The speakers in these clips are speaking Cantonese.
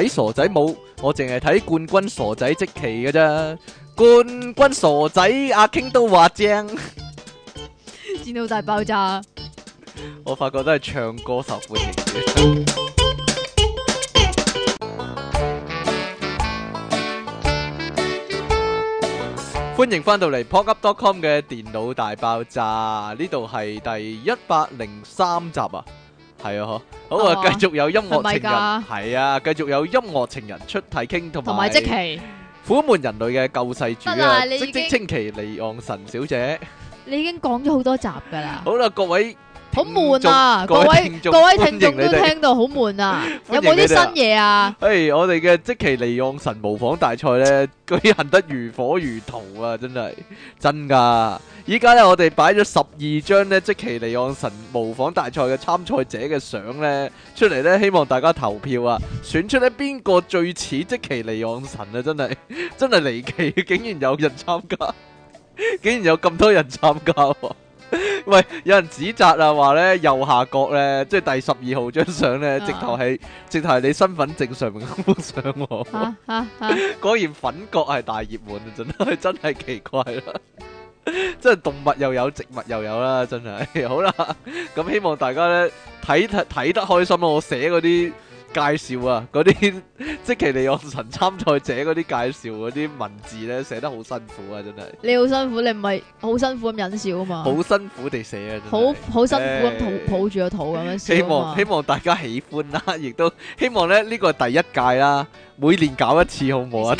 睇傻仔冇，我淨係睇冠軍傻仔即期嘅啫。冠軍傻仔阿 King 都話正， 電腦大爆炸。 我發覺都係唱歌手。 歡迎翻到嚟 popup.com 嘅電腦大爆炸，呢度係第一百零三集啊。係啊，嗬好，好啊，繼續有音樂情人，係啊，繼續有音樂情人出體 king 同埋，埋即期苦悶人類嘅救世主啊，即即積淇離岸神小姐，你已經講咗好多集噶啦，好啦，各位。好悶啊，各各！各位各位聽眾都聽到好悶啊！有冇啲新嘢啊？誒、哎，我哋嘅積淇離岸神模仿大賽呢，舉行得如火如荼啊！真係真噶依家呢，我哋擺咗十二張呢積淇離岸神模仿大賽嘅參賽者嘅相呢，出嚟呢，希望大家投票啊，選出呢邊個最似積淇離岸神啊！真係真係離奇，竟然有人參加，竟然有咁多人參加，啊。喂，有人指責啊，話咧右下角咧，即係第十二號張相咧，啊、直頭係直頭係你身份證上面嘅幅相喎。啊啊、果然粉角係大熱門啊，真係真係奇怪咯。即係動物又有，植物又有啦，真係。好啦，咁希望大家咧睇睇得開心啊！我寫嗰啲。介紹啊，嗰啲積淇離岸神參賽者嗰啲介紹嗰啲文字咧，寫得好辛苦啊，真係。你好辛苦，你唔係好辛苦咁忍笑啊嘛？好辛苦地寫啊，好好辛苦咁抱抱住個肚咁樣笑嘛。希望希望大家喜歡啦，亦都希望咧呢個係第一屆啦，每年搞一次好唔好啊？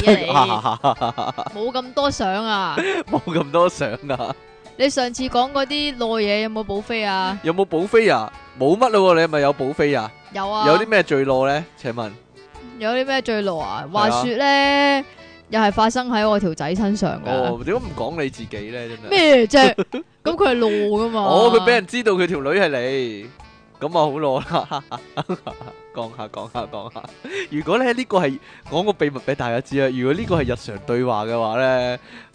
冇咁多相啊！冇咁 多相啊！你上次講嗰啲內嘢有冇補飛啊？嗯。有冇補飛啊？冇乜咯，你係咪有補飛啊？有啊！有啲咩墜落咧？請問有啲咩墜落啊？話說咧，啊、又係發生喺我條仔身上噶。點解唔講你自己咧？真係咩啫？咁佢係落噶嘛？哦，佢俾人知道佢條女係你。咁啊，好攞啦，講下講下講下、 這個。如果咧呢個係講個秘密俾大家知啦，如果呢個係日常對話嘅話咧，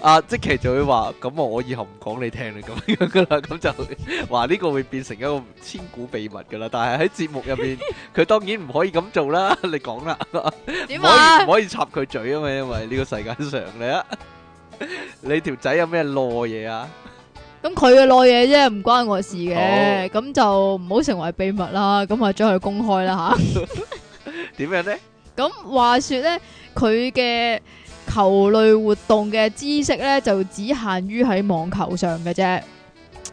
阿、啊、積淇就會話，咁我我以後唔講你聽啦，咁 樣噶啦，咁就話呢個會變成一個千古秘密噶啦。但係喺節目入邊，佢 當然唔可以咁做啦，你講啦，唔 可以唔可以插佢嘴啊嘛，因為呢個世界上嚟，啊，你條仔有咩囉嘢啊？咁佢嘅內嘢啫，唔關我事嘅，咁好就唔好成為秘密啦。咁啊，將佢公開啦吓。點 樣咧呢？咁話說咧，佢嘅球類活動嘅知識咧，就只限於喺網球上嘅啫。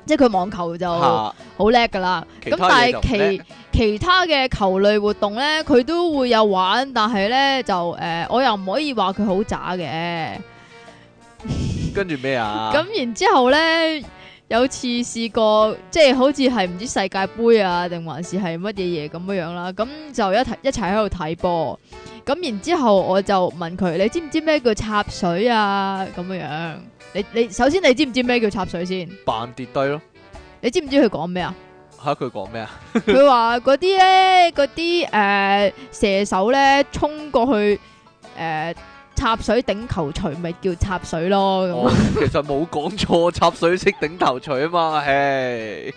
即係佢網球就好叻噶啦。咁、啊、那但係其其他嘅球類活動咧，佢都會有玩，但係咧就誒、呃，我又唔可以話佢好渣嘅。 跟住咩啊？咁然之後咧？有次試過即係好似係唔知世界杯啊定還是係乜嘢嘢咁樣樣啦，咁就一齊一齊喺度睇波，咁然之後我就問佢：你知唔知咩叫插水啊？咁樣樣，你你首先你知唔知咩叫插水先？扮跌低咯！你知唔知佢講咩啊？吓佢講咩啊？佢話嗰啲咧，嗰啲誒射手咧衝過去誒。呃插水頂頭錘咪叫插水咯，咁、 哦、其實冇講錯，插水式頂頭錘啊嘛，唉，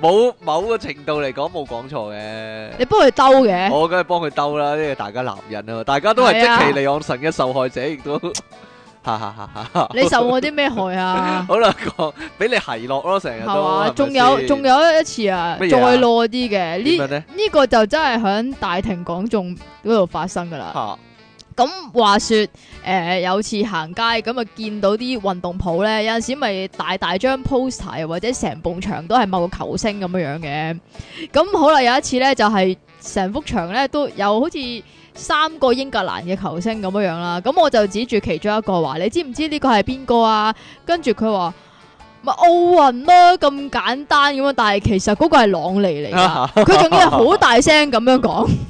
冇某個程度嚟講冇講錯嘅。你幫佢兜嘅，我梗係幫佢兜啦，呢個大家男人啊，大家都係積淇離岸神嘅受害者，亦都哈哈哈。你受我啲咩害啊？好啦， 講俾你奚落咯，成日都仲吧有仲吧有一次啊，麼再落啲嘅呢？呢、這個就真係響大庭廣眾嗰度發生噶啦。啊咁話說，誒、呃、有次行街咁啊，就見到啲運動鋪咧，有陣時咪大大張 poster 或者成埲牆都係某個球星咁樣樣嘅。咁好啦，有一次咧就係、是、成幅牆咧都有好似三個英格蘭嘅球星咁樣樣啦。咁我就指住其中一個話：你知唔知呢個係邊個啊？跟住佢話咪奧運咯，咁簡單咁啊！但係其實嗰個係朗尼嚟噶，佢仲要係好大聲咁樣講。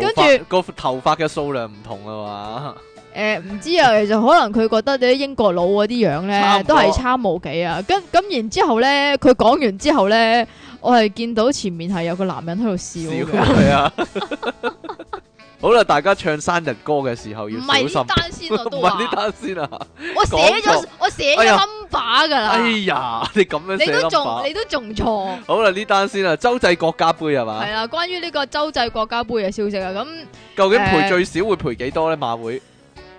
跟住著個頭髮嘅數量唔同啊嘛，誒唔、呃、知啊，其實可能佢覺得你啲英國佬嗰啲樣咧不都係差冇幾啊，跟咁然之後咧，佢講完之後咧，我係見到前面係有個男人喺度笑嘅。係啊。 好啦，大家唱生日歌嘅時候要小心。唔係呢單先，都話，唔係呢單先啊！我寫咗，我寫 number 噶啦。哎呀，你咁樣寫，你都仲，你都仲錯。好啦，呢單先啦，洲際國家杯係嘛？係啦，關於呢個洲際國家杯嘅消息啊，咁究竟賠最少會賠幾多咧？馬會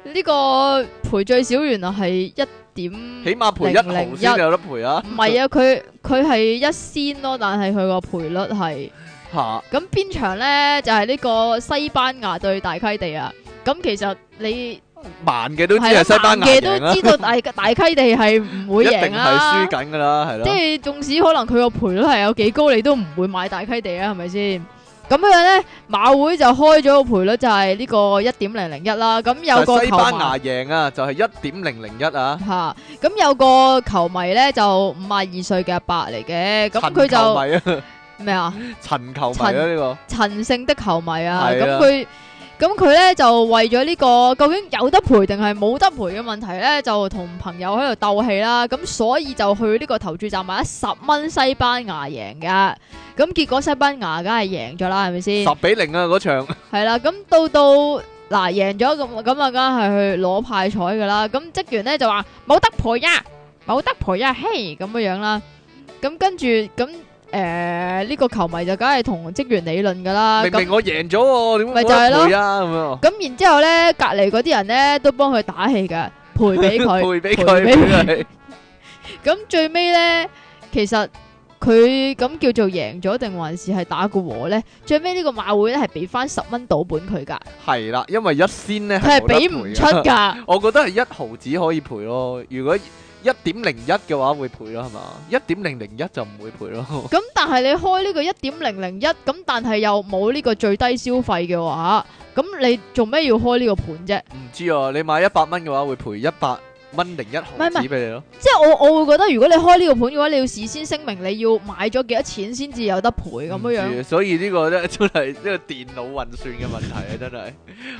呢個賠最少原來係一點，起碼賠一紅先有得賠啊！唔係啊，佢佢係一仙咯，但係佢個賠率係。吓，咁邊場咧就係呢個西班牙對大溪地啊，咁其實你，慢嘅都知係西班牙贏啦，慢嘅都知道大大溪地係唔會贏啦，一定係輸緊噶啦，係咯，即係縱使可能佢個賠率係有幾高，你都唔會買大溪地啊，係咪先？咁樣咧，馬會就開咗個賠率就係呢個一點零零一啦，咁有個，西班牙贏啊，就係一點零零一啊，吓，咁有個球迷咧就五呀二歲嘅阿伯嚟嘅，咁佢就。咩啊？陳球迷啊，呢個陳姓的球迷啊對啦，咁佢咁佢咧就為咗呢個究竟有得賠定係冇得賠嘅問題咧，就同朋友喺度鬥氣啦，咁所以就去呢個投注站買十蚊西班牙贏嘅，咁結果西班牙梗係贏咗啦，係咪先？十比零啊！嗰場係啦，咁到到嗱贏咗咁咁啊，梗係去攞派彩噶啦，咁職員咧就話冇得賠啊，冇得賠啊，嘿咁樣樣啦，咁跟住咁。誒，呢個球迷就梗係同職員理論噶啦，明明我贏咗，我點解唔賠啊？咪就係咯。咁然之後咧，隔籬嗰啲人咧都幫佢打氣噶，賠俾佢，賠俾佢。咁最尾咧，其實佢咁叫做贏咗，定還是係打個和咧？最尾呢個馬會咧係俾翻十蚊賭本佢噶。係啦，因為一先咧，佢係俾唔出噶。我覺得係一毫子可以賠咯。如果一點零一嘅話會賠咯，係嘛？一點零零一就唔會賠咯。咁但係你開呢個一點零零一，咁但係又冇呢個最低消費嘅話，咁你做咩要開呢個盤啫？唔知啊，你買一百蚊嘅話會賠一百。蚊零一毫紙俾你咯，即係我我會覺得，如果你開呢個盤嘅話，你要事先聲明你要買咗幾多錢先至有得賠咁樣樣。所以個呢個咧都係呢個電腦運算嘅問題啊， 真係。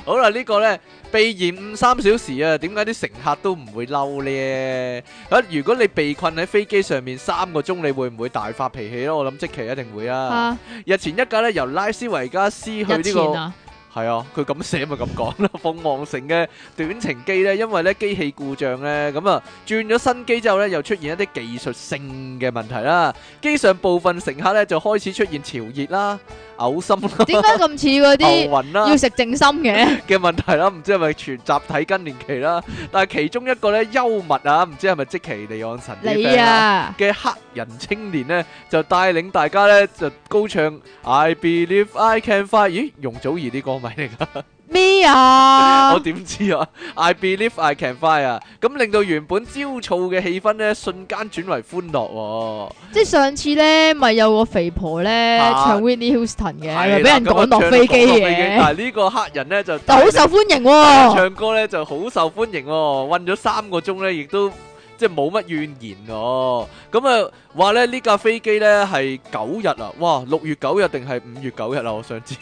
好啦，呢、這個呢，被延誤三小時啊，點解啲乘客都唔會嬲呢？啊，如果你被困喺飛機上面三個鐘，你會唔會大發脾氣咯？我諗即期一定會啊。哈日前一架咧由拉斯維加斯去呢、這個。.係啊，佢咁寫咪咁講啦。鳳凰城嘅短程機咧，因為咧機器故障咧，咁啊轉咗新機之後咧，又出現一啲技術性嘅問題啦。機上部分乘客咧就開始出現潮熱啦、嘔心啦。點解咁似嗰啲？頭暈啦，要食靜心嘅嘅問題啦，唔知係咪全集體更年期啦？但係其中一個咧幽默啊，唔知係咪即積淇離岸神？你啊嘅黑人青年咧，就帶領大家咧就高唱 I Believe I Can Fly，咦？容祖兒啲歌。咩 啊？ 我點知啊？I believe I can fly 啊！咁令到原本焦躁嘅氣氛咧，瞬間轉為歡樂，哦。即係上次咧，咪有個肥婆咧，啊、唱 Whitney Houston 嘅，俾的人趕落飛機嘅。機 但係呢個黑人咧就好受歡迎，哦，唱歌咧就好受歡迎，哦，混咗三個鐘咧亦都。即係冇乜怨言哦，咁啊話咧呢架飛機呢係九日啊，哇六月九日定係五月九日啊，我想知，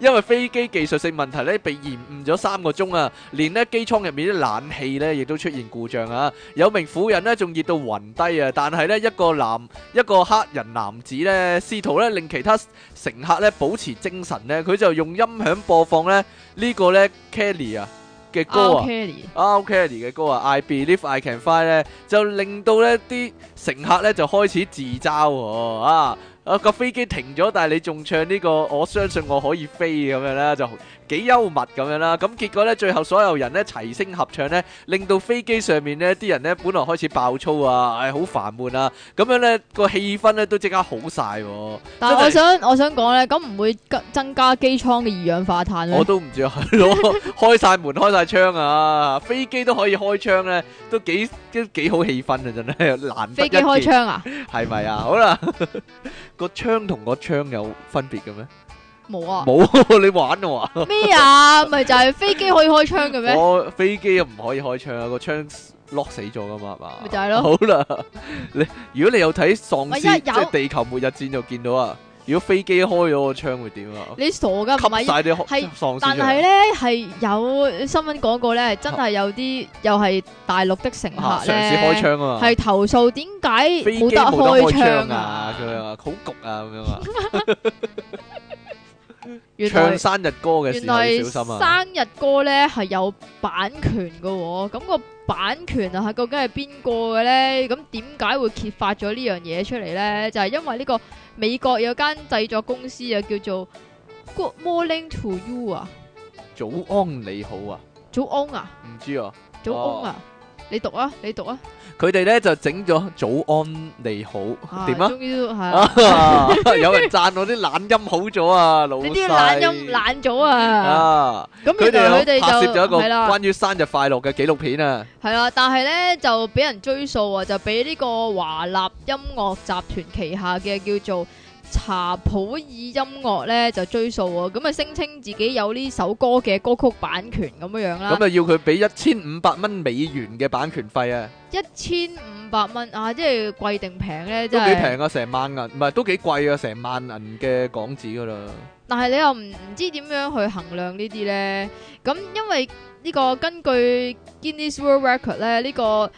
因為飛機技術性問題呢，被延誤咗三個鐘啊，連呢機艙入面啲冷氣呢亦都出現故障啊，有名婦人呢仲熱到暈低啊，但係呢一個男一個黑人男子呢，試圖呢令其他乘客呢保持精神呢，佢就用音響播放咧呢個呢 Kelly 啊。嘅歌啊，R. Kelly 嘅歌啊，I Believe I Can Fly 咧，就令到咧啲乘客咧就開始自嘲、哦、啊！個飛機停咗，但係你仲唱呢個我相信我可以飛咁樣咧就。幾幽默咁樣啦，咁結果呢，最後所有人呢，齊聲合唱呢，令到飛機上面呢啲人呢，本來開始爆粗啊，唉，好煩悶啊，咁樣呢，個氣氛呢，都即刻好晒。但係我想我想講咧，咁唔會增加機艙嘅二氧化碳咩？我都唔知啊， 開晒門開晒窗啊，飛機都可以開窗呢，都幾幾好氣氛啊，真係難得一見。飛機開窗啊？係咪啊？ 好啦，個 窗同個窗有分別嘅咩？冇沒啊， 啊！冇你玩啊話咩啊？咪就係飛機可以開槍嘅咩？ 我飛機又唔可以開槍啊！個槍 lock 死咗噶嘛，係嘛？咪就係咯。好啦， 你如果你有睇喪屍為即係地球末日戰就見到啊！如果飛機開咗個槍會點啊？你傻噶？吸埋但係咧係有新聞講過咧，真係有啲、啊、又係大陸的乘客嘗試開槍啊！係投訴點解冇得開槍啊？咁樣啊，好焗啊，咁樣啊。唱生日歌嘅時候小心啊！原來生日歌咧，係有版權噶咁個版權啊係究竟係邊個嘅咧？咁點解會揭發咗呢樣嘢出嚟？咧，就係因為呢個美國有間製作公司啊，叫做 Good Morning to You 啊，早安你好啊，早安啊，唔知啊，早安啊，你讀啊，你讀啊。佢哋咧就整咗早安你好，點啊？終於有人讚我啲懶音好咗啊！老細，你啲懶音懶咗啊！咁佢哋佢哋就拍攝咗一個關於生日快樂嘅紀錄片啊！係啊，但係咧就俾人追訴啊，就俾呢個華立音樂集團旗下嘅叫做，查普爾音樂咧就追數喎，咁啊聲稱自己有呢首歌嘅歌曲版權咁樣樣啦。咁啊要佢俾一千五百蚊美元嘅版權費啊！一千五百蚊啊，即係貴定平咧？都幾平啊，成萬銀唔係都幾貴啊，成萬銀嘅港紙噶啦。但係你又唔唔知點樣去衡量呢啲咧？咁因為呢個根據 Guinness World Record 咧呢、呢個。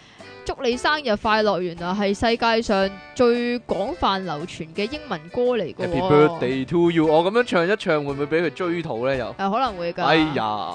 祝你生日快樂！原來係世界上最廣泛流傳嘅英文歌嚟㗎、啊。Happy birthday to you！我咁樣唱一唱，會唔會俾佢追討咧？又、啊、可能會㗎。哎呀！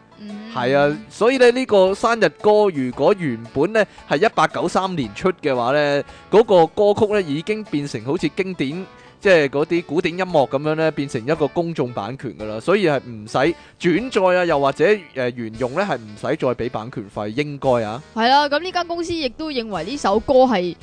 係啊，所以咧呢個生日歌如果原本咧係一八九三年出嘅話咧，嗰個歌曲咧已經變成好似經典，即係嗰啲古典音樂咁樣咧，變成一個公眾版權噶啦，所以係唔使轉載啊，又或者誒原用咧係唔使再俾版權費，應該啊。係啊，咁呢間公司亦都認為呢首歌係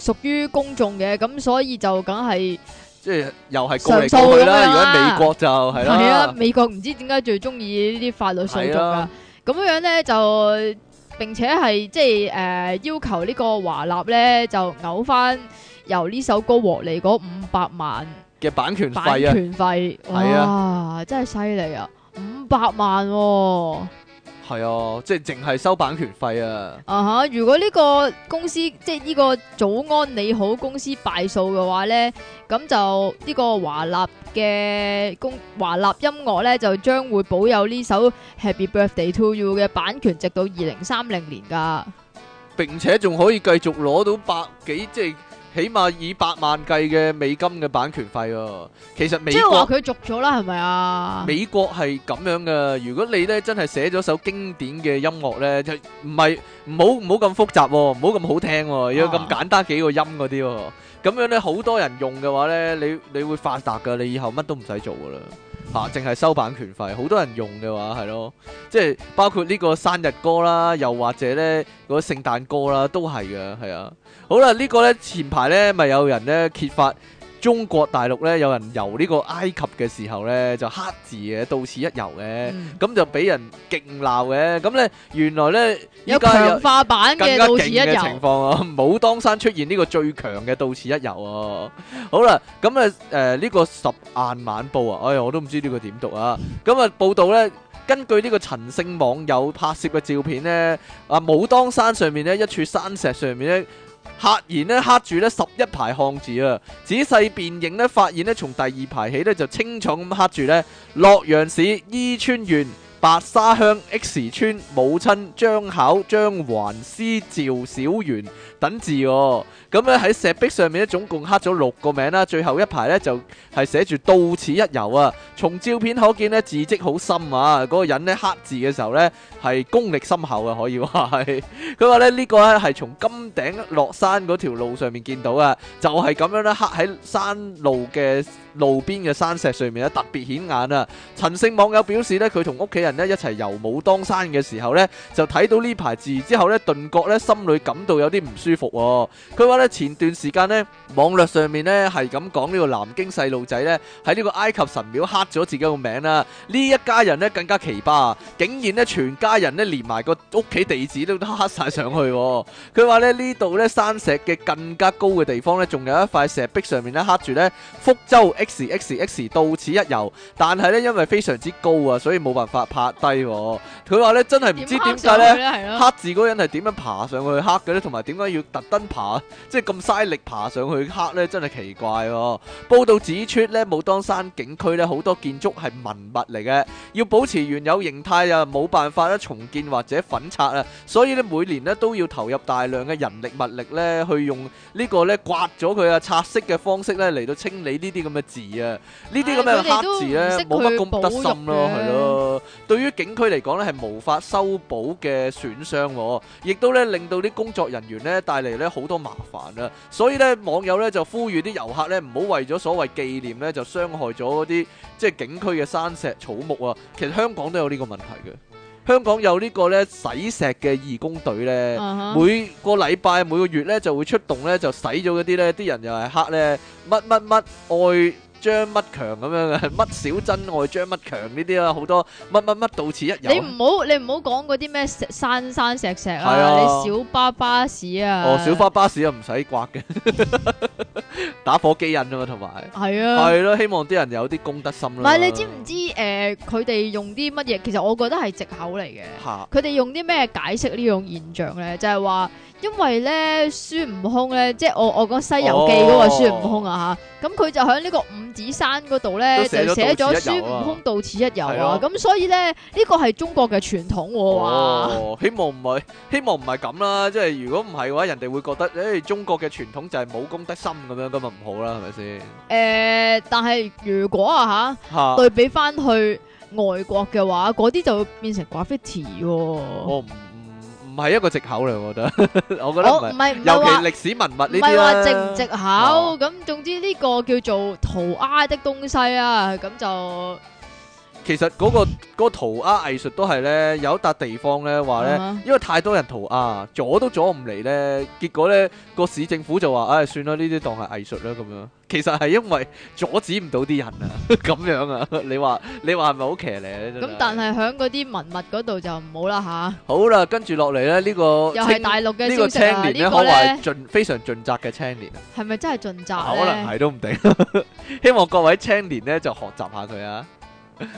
屬於公眾嘅，咁所以就梗係。即係又係告嚟告去啦，而家、啊、美國就係啦。係啊，美國唔知點解最中意呢啲法律訴訟係啊呢。咁樣樣咧就並且係即係誒、呃、要求個華立呢個華納咧就嘔返由呢首歌獲利嗰五百萬嘅版權費啊版權費！係啊真係犀利啊！五百萬喎、哦、～係啊，即係淨係收版權費啊！啊哈、uh，huh, 如果呢個公司即係呢個早安你好公司敗訴嘅話呢，咁就呢個華納嘅公華納音樂呢，就將會保有呢首 Happy Birthday to You 嘅版權直到二零三零年㗎，並且仲可以繼續攞到百幾即係。起碼以百萬計嘅美金嘅版權費啊，其實美國即係話佢續咗啦，係咪啊？美國係咁樣嘅，如果你咧真係寫咗首經典嘅音樂咧，就唔係唔好唔好咁複雜啊，唔好咁好聽啊，要咁簡單幾個音嗰啲啊。啊咁樣咧，好多人用嘅話咧，你你會發達噶，你以後乜都唔使做噶啦，嚇、啊，淨係收版權費。好多人用嘅話係咯，即係包括呢個生日歌啦，又或者咧嗰、嗰個、聖誕歌啦，都係嘅。係啊。好啦，呢個、呢個咧前排咧咪有人咧揭發。中國大陸咧有人遊呢個埃及嘅時候咧就黑字嘅到此一遊嘅，咁、嗯、就俾人勁鬧嘅。咁咧原來咧有強化版嘅到此一遊情況啊。武當山出現呢個最強嘅到此一遊啊、哦。好啦，咁啊誒呢、呃呢個十眼晚報啊，哎呀我都唔知呢個點讀啊。咁啊報道咧，根據呢個陳姓網友拍攝嘅照片呢，啊武當山上面呢，一處山石上面咧，赫然咧刻住咧十一排漢字啊，仔細辨認咧，發現咧從第二排起咧就清楚咁刻住咧洛陽市伊川縣。白沙鄉 X 村母親張巧、張環師趙小元等字。哦，咁咧喺石壁上面咧總共刻咗六個名啦，最後一排咧就係寫住到此一遊啊！從照片可見呢，字迹好深啊，嗰，那個人呢，刻字嘅時候呢，係功力深厚啊，可以話係。佢話咧呢個咧係從金頂落山嗰條路上面見到啊，就係、是、咁樣咧刻喺山路嘅。路邊嘅山石上面咧特別顯眼啊！陳姓網友表示咧，佢同屋企人咧一齊遊武當山嘅時候咧，就睇到呢排字之後咧，頓覺咧心裏感到有啲唔舒服。佢話呢，前段時間呢，網絡上面咧係咁講呢個南京細路仔呢喺呢個埃及神廟刻咗自己個名啦。呢一家人咧更加奇葩，竟然呢全家人咧連埋個屋企地址都刻晒上去。佢話咧呢度咧山石嘅更加高嘅地方咧，仲有一塊石壁上面咧刻住咧福州、X X X 到此一遊，但係咧因為非常之高啊，所以冇辦法拍低，啊。佢話咧真係唔知點解咧，刻，刻字嗰人係點樣爬上去刻嘅咧，同埋點解要特登爬，即係咁嘥力爬上去刻咧，真係奇怪，啊。報道指出咧，武當山景區咧好多建築係文物嚟嘅，要保持原有形態啊，冇辦法咧重建或者粉刷啊，所以咧每年咧都要投入大量嘅人力物力咧，去用呢個咧刮咗佢啊擦色嘅方式咧嚟到清理呢啲咁嘅。字啊，呢啲咁嘅黑字呢，冇乜公德心咯，係咯。對於景區嚟講呢係無法修補嘅損傷喎，亦都呢，令到啲工作人員呢帶嚟呢好多麻煩啊。所以呢，網友呢就呼籲啲遊客呢唔好為咗所謂紀念呢就傷害咗嗰啲即係景區嘅山石草木啊。其實香港都有呢個問題嘅。香港有呢個咧洗石嘅義工隊咧，uh huh. 每個禮拜每個月咧就會出動咧，就洗咗嗰啲咧，啲人又係黑咧，乜乜乜愛。張乜強咁樣嘅乜小真愛張乜強呢啲啊，好多乜乜乜到此一遊。你唔好你唔好講嗰啲咩山山石石啊，啊你小巴巴士啊。哦，小巴巴士又唔使刮嘅， 打火機印啊嘛，同埋係啊，係咯，希望啲人有啲公德心啦、啊。唔係你知唔知誒？佢、呃、哋用啲乜嘢？其實我覺得係藉口嚟嘅。佢哋哈用啲咩解釋呢種現象咧？就係、是、話因為咧孫悟空咧，即係我我講我《西遊記》嗰個孫悟空啊吓，咁佢、啊、就響呢、呢個五。子山嗰度咧就寫咗孫悟空到此一遊啊，咁所以咧呢個係中國嘅傳統喎、哦。哦、希望唔係希望唔係咁啦，即係如果唔係嘅話，人哋會覺得誒、欸，中國嘅傳統就係冇功德心咁樣，咁啊唔好啦，係咪先？誒，但係如果啊吓，對比翻去外國嘅話，嗰啲就會變成 Graffiti。唔係一個藉口嚟，我覺得，我覺得尤其歷史文物呢啲咧，唔係話藉唔藉口？咁、哦、總之呢個叫做塗鴉的東西啊，咁就。其實嗰、那個嗰、那個塗鴉藝術都係咧，有一笪地方咧話咧，呢 uh huh. 因為太多人塗鴉、啊，阻都阻唔嚟咧。結果咧個市政府就話：唉、哎，算啦，呢啲當係藝術啦。咁樣，其實係因為阻止唔到啲人啊，咁樣啊。你話你話係咪好騎呢？咁但係喺嗰啲文物嗰度就唔、啊、好啦吓。好啦，跟住落嚟，咧呢個，又係大陸嘅呢個青年咧，呢可謂盡非常盡責嘅青年。係咪真係盡責、啊、可能係都唔定。希望各位青年咧就學習下佢啊。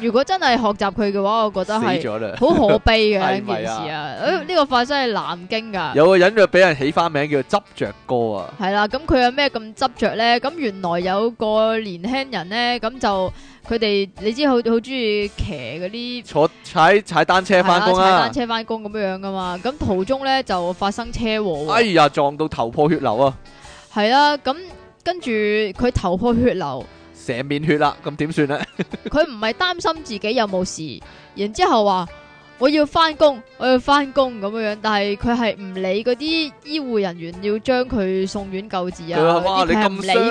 如果真係學習佢嘅話，我覺得係好可悲嘅一件事啊！誒，呢個發生係南京噶。有個人就俾人起花名叫做執着哥啊。係啦，咁佢有咩咁執着咧？咁原來有個年輕人咧，咁就佢哋你知好好中意騎嗰啲坐踩踩單車翻工啊，踩單車翻工咁樣樣噶嘛。咁途中咧就發生車禍，哎呀撞到頭破血流啊！係啊，咁跟住佢頭破血流。成面血啦，咁點算咧？佢唔係擔心自己有冇事，然之後話我要翻工，我要翻工咁樣樣，但係佢係唔理嗰啲醫護人員要將佢送院救治啊！你咁死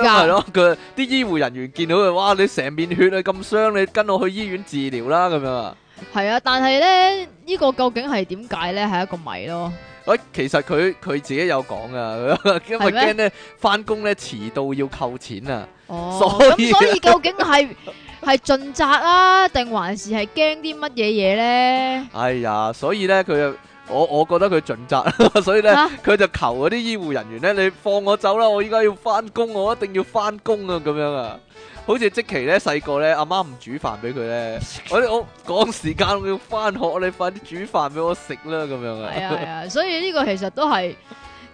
噶，啲醫護人員見到佢，哇！你成面血啊，咁傷，你跟我去醫院治療啦，咁樣啊？係啊，但係咧，呢、呢個究竟係點解呢？係一個謎咯。喂，其實佢佢自己有講噶，因為驚咧翻工咧遲到要扣錢啊，oh, 所以咁所以究竟係係盡責啊，定還是係驚啲乜嘢嘢咧？哎呀，所以咧佢又我我覺得佢盡責， 所以咧呢佢、啊、就求嗰啲醫護人員咧，你放我走啦，我依家要翻工，我一定要翻工啊，咁樣啊。好似即期咧細個咧，阿媽唔煮飯俾佢咧，我我趕時間我要翻學，你快啲煮飯俾我食啦咁樣啊！係啊係啊，所以呢個其實都係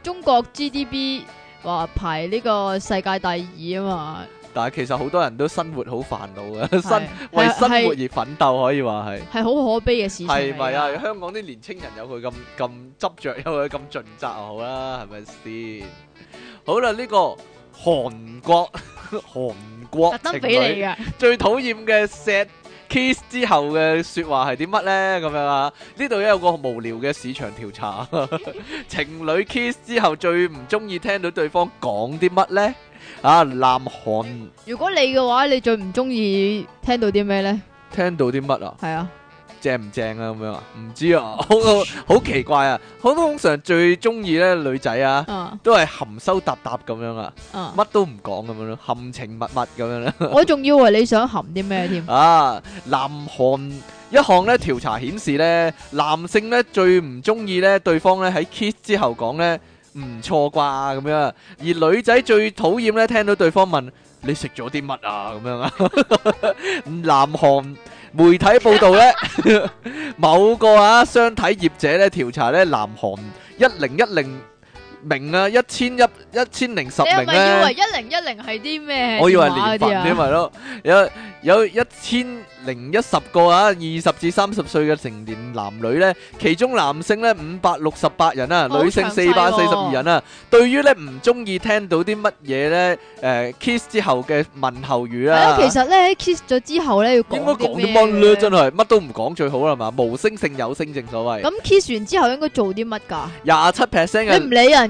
中國 GDP 話排呢個世界第二啊嘛。但係其實好多人都生活好煩惱嘅， 生為生活而奮鬥可以話係係好可悲嘅事情。係咪啊？香港啲年青人有佢咁咁執着，有佢咁盡責好啦，係咪先？好啦、啊，呢、啊啊呢個。韓國 韓國情侶特登畀你嘅最討厭嘅 sad kiss 之後嘅説話係啲乜呢？咁樣啊，呢度有個無聊嘅市場調查， 情侶 kiss 之後最唔中意聽到對方講啲乜呢？啊，南韓如果你嘅話，你最唔中意聽到啲咩呢？聽到啲乜啊？係啊。正唔正啊？咁樣啊？唔知啊，好好奇怪啊！好通常最中意咧女仔啊，uh, 都係含羞答答咁樣啊，乜、uh, 都唔講咁樣咯，含情脈脈咁樣啦。我仲以為你想含啲咩添？啊！南韓一項咧調查顯示咧，男性咧最唔中意咧對方咧喺 kiss 之後講咧唔錯啩咁樣，而女仔最討厭咧聽到對方問你食咗啲乜啊咁樣啊！南韓。媒體報道呢， 某個啊商體業者呢調查呢南韓一零一零名啊，一千一一千零十名咧。你係咪以為一零一零係啲咩？我以為年份啫咪咯。有有一千零一十個啊，二十至三十歲嘅成年男女咧，其中男性咧五百六十八人啊，女性四百四十二人啊。對於咧唔中意聽到啲乜嘢咧，誒，kiss 之後嘅問候語啊。係啊，其實咧喺 kiss 咗之後咧要應該講啲乜嘢？進來乜都唔講最好啦嘛，無聲勝有聲正所謂。咁 kiss 完之後應該做啲乜㗎？廿七 percent 嘅。你唔理人？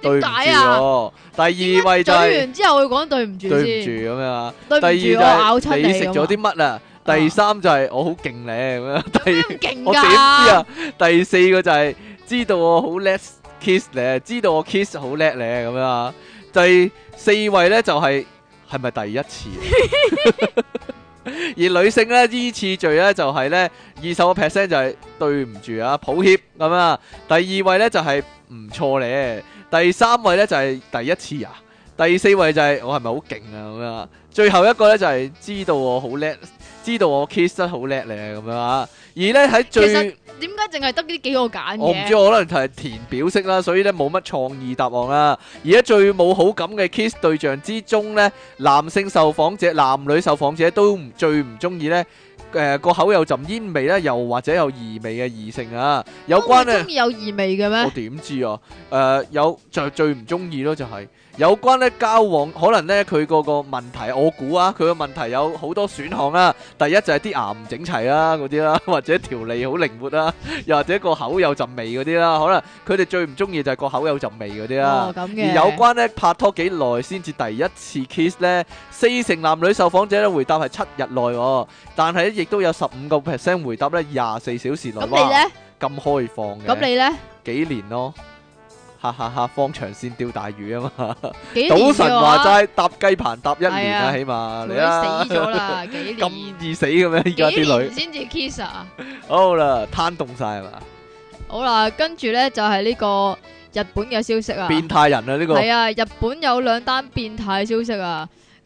對唔住啊！第二位就係，之後會講對唔住對唔住咁樣。第二就係你食咗啲乜啦？第三就係我好勁咧咁樣。咁勁㗎！我點知啊？第四個就係知道我好叻 kiss 咧，知道我 kiss 好叻咧咁樣啊。第四位咧就係係咪第一次？而女性咧依次序咧就係咧，二十個 percent 就係對唔住啊，抱歉咁啊。第二位咧就係唔錯咧。第三位咧就係、是、第一次啊，第四位就係、是、我係咪好勁啊咁樣，最後一個咧就係、是、知道我好叻，知道我 kiss 得好叻咧咁樣啊。而咧喺最，其實點解淨係得呢幾個揀？我唔知我可能係填表式啦，所以咧冇乜創意答案啦。而家最冇好感嘅 kiss 對象之中咧，男性受訪者、男女受訪者都最唔中意咧。誒個、呃、口有陣煙味啦，又或者有異味嘅異性啊，有關咧有異味嘅咩？我點知啊？誒、呃、有就係最唔中意咯，就係。有關咧交往，可能咧佢個個問題，我估啊，佢個問題有好多選項啦、啊。第一就係啲牙唔整齊啦、啊，嗰啲啦，或者條脷好靈活啦、啊，又或者個口有陣味嗰啲啦。可能佢哋最唔中意就係個口有陣味嗰啲啦。咁嘅、哦。而有關咧拍拖幾耐先至第一次 kiss 咧，四成男女受訪者咧回答係七日內哦、啊，但係亦都有十五個 percent 回答咧廿四小時內喎。咁開放嘅。咁你咧？幾年咯？哈哈哈，放長線釣大魚啊嘛！賭神話齋，搭雞棚搭一年啦、啊，的起碼碼。你都死咗啦，啊、幾年？咁易死咁樣，而家啲女。先至 kiss 啊？好啦，攤凍晒係嘛？好啦，跟住咧就係、是、呢個日本嘅消息啊！變態人啊，呢、這個係啊！日本有兩單變態消息啊！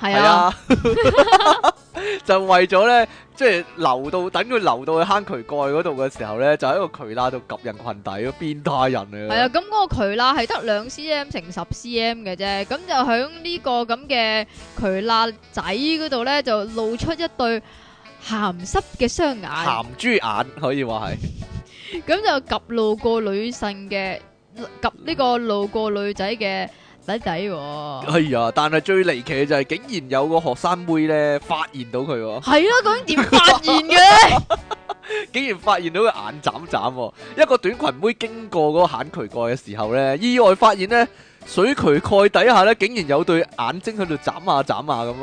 係、就是、啊，啊，就為咗咧，即係留到等佢留到去坑渠蓋嗰度嘅時候咧，就喺個渠罅度夾人裙底咯，變態人啊！係啊，咁嗰個這渠罅係得兩 cm 乘十 cm 嘅啫，咁就響呢個咁嘅渠罅仔嗰度咧，就露出一對雙鹹濕嘅雙眼，鹹豬眼可以話係。咁就夾路過女性嘅，夾呢個路過女仔嘅。抵抵喎！哎呀，但係最離奇嘅就係，竟然有個學生妹咧發現到佢。係啊，究竟點發現嘅？竟然發現到佢眼眨眨，一個短裙妹經過嗰個蟹渠蓋嘅時候咧，意外發現咧，水渠蓋底下咧，竟然有對眼睛喺度眨下眨下咁。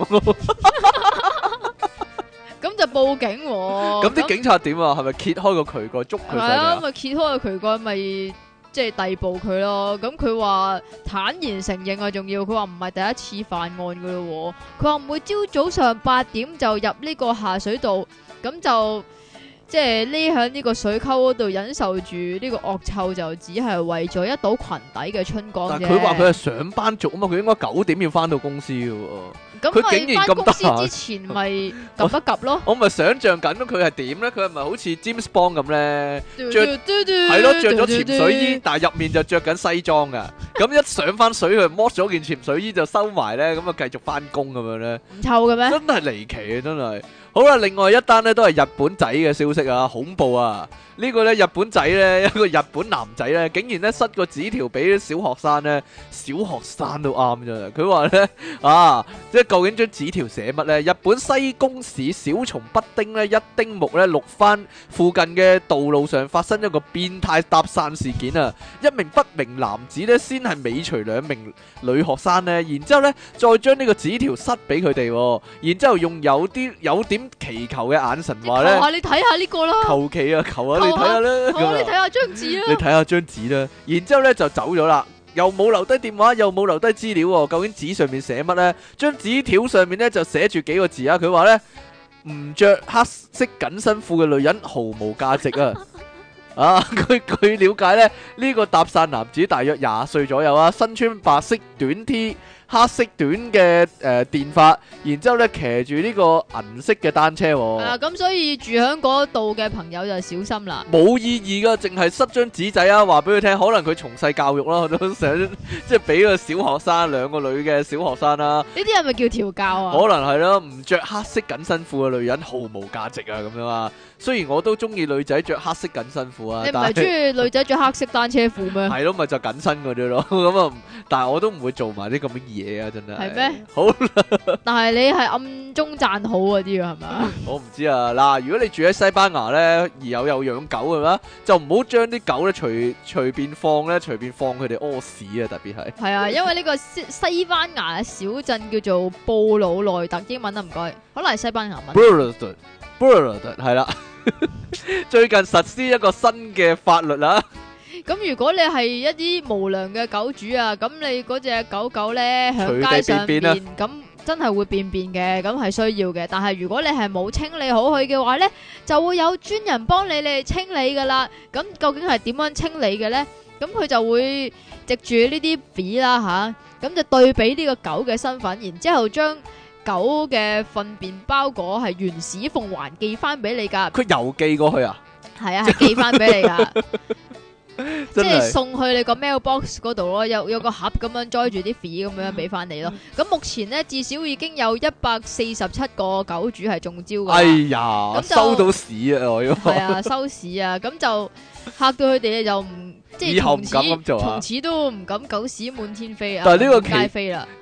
咁就報警喎！咁啲警察點啊？係咪揭開個渠蓋捉佢？係啊，咪揭開個渠蓋咪。即係逮捕佢咯，咁佢話坦然承認啊，仲要佢話唔係第一次犯案嘅咯喎，佢話每朝早上八點就入呢個下水道，咁就。即係匿喺呢個水溝嗰度忍受住呢個惡臭，就只係為咗一睹裙底嘅春光。但佢話佢係上班族啊嘛，佢應該九點要翻到公司嘅。咁佢、嗯、竟然咁得閒？之前咪及不及咯？ 我咪想象緊佢係點咧？佢係咪好似 James Bond 咁咧？着係咯，着咗潛水衣，但係入面就着緊西裝噶。咁 一上翻水去，剝咗件潛水衣就收埋咧。咁啊，繼續翻工咁樣咧？唔臭嘅咩？真係離奇啊！真係。好啦，另外一單呢都係日本仔嘅消息啊，恐怖啊！呢、呢個呢日本仔呢，一個日本男仔呢，竟然呢塞個紙條俾啲小學生呢。小學生都啱啫。佢話呢啊，即係究竟張紙條寫乜呢？日本西宮市小松北丁呢，一丁目呢，六番附近嘅道路上發生一個變態搭訕事件啊！一名不明男子呢，先係尾隨兩名女學生呢，然之後呢再將呢個紙條塞俾佢哋，然之後用有啲有點。祈求嘅眼神話咧，你睇下呢個啦，求其啊，求啊，求求你睇下啦，你睇下張紙啦，你睇下張紙啦，然之後咧就走咗啦，又冇留低電話，又冇留低資料。究竟紙上面寫乜呢？張紙條上面呢就寫住幾個字啊，佢話呢，唔着黑色緊身褲嘅女人毫無價值啊！ 啊，據據了解呢，呢、這個搭訕男子大約廿歲左右啊，身穿白色短 T。黑色短嘅誒、呃、電髮，然之後咧騎住呢個銀色嘅單車，係咁、啊、所以住喺嗰度嘅朋友就小心啦。冇意義噶，淨係塞張紙仔啊，話俾佢聽，可能佢從細教育啦，都 想即係俾個小學生兩個女嘅小學生啦、啊。呢啲係咪叫調教啊？可能係咯，唔着黑色緊身褲嘅女人毫無價值啊，咁樣啊。雖然我都中意女仔着黑色緊身褲啊，你唔係中意女仔着黑色單車褲咩？係咯，咪就緊身嗰啲咯。咁啊，這樣這樣但係我都唔會做埋啲咁嘅嘢啊，真係。係咩嗎？好啦。但係你係暗中讚好嗰啲、 嗯、啊，係咪啊？我唔知啊。嗱，如果你住喺西班牙咧，而有有養狗嘅咩，就唔好將啲狗咧隨隨便放咧，隨便放佢哋屙屎啊！特別係。係啊，因為呢個西班牙嘅小鎮叫做布魯內特，英文啊唔該，可能係西班牙文。係啦。 Yeah. 最近實施一個新嘅法律啦。咁如果你係一啲無良嘅狗主啊，咁你嗰隻狗狗呢，響街上邊，咁真係會便便嘅，咁係需要嘅。但係如果你係冇清理好佢嘅話呢，就會有專人幫你哋清理噶啦。咁究竟係點樣清理嘅呢？咁佢就會藉住呢啲筆啦吓，咁、啊、就對比呢個狗嘅身份，然之後將。狗嘅糞便包裹係原始鳳還寄翻俾你㗎，佢郵寄過去啊，係啊，係寄翻俾你㗎， 即係送去你個 mailbox 嗰度咯，有有個盒咁樣載住啲 f e 咁樣俾翻你咯。咁目前咧，至少已經有一百四十七個狗主係中招㗎，哎呀，咁就收到屎啊，係啊，收屎啊，咁就。嚇到佢哋咧又唔即係從此咁做從此都唔敢狗屎滿天飛啊！但係呢個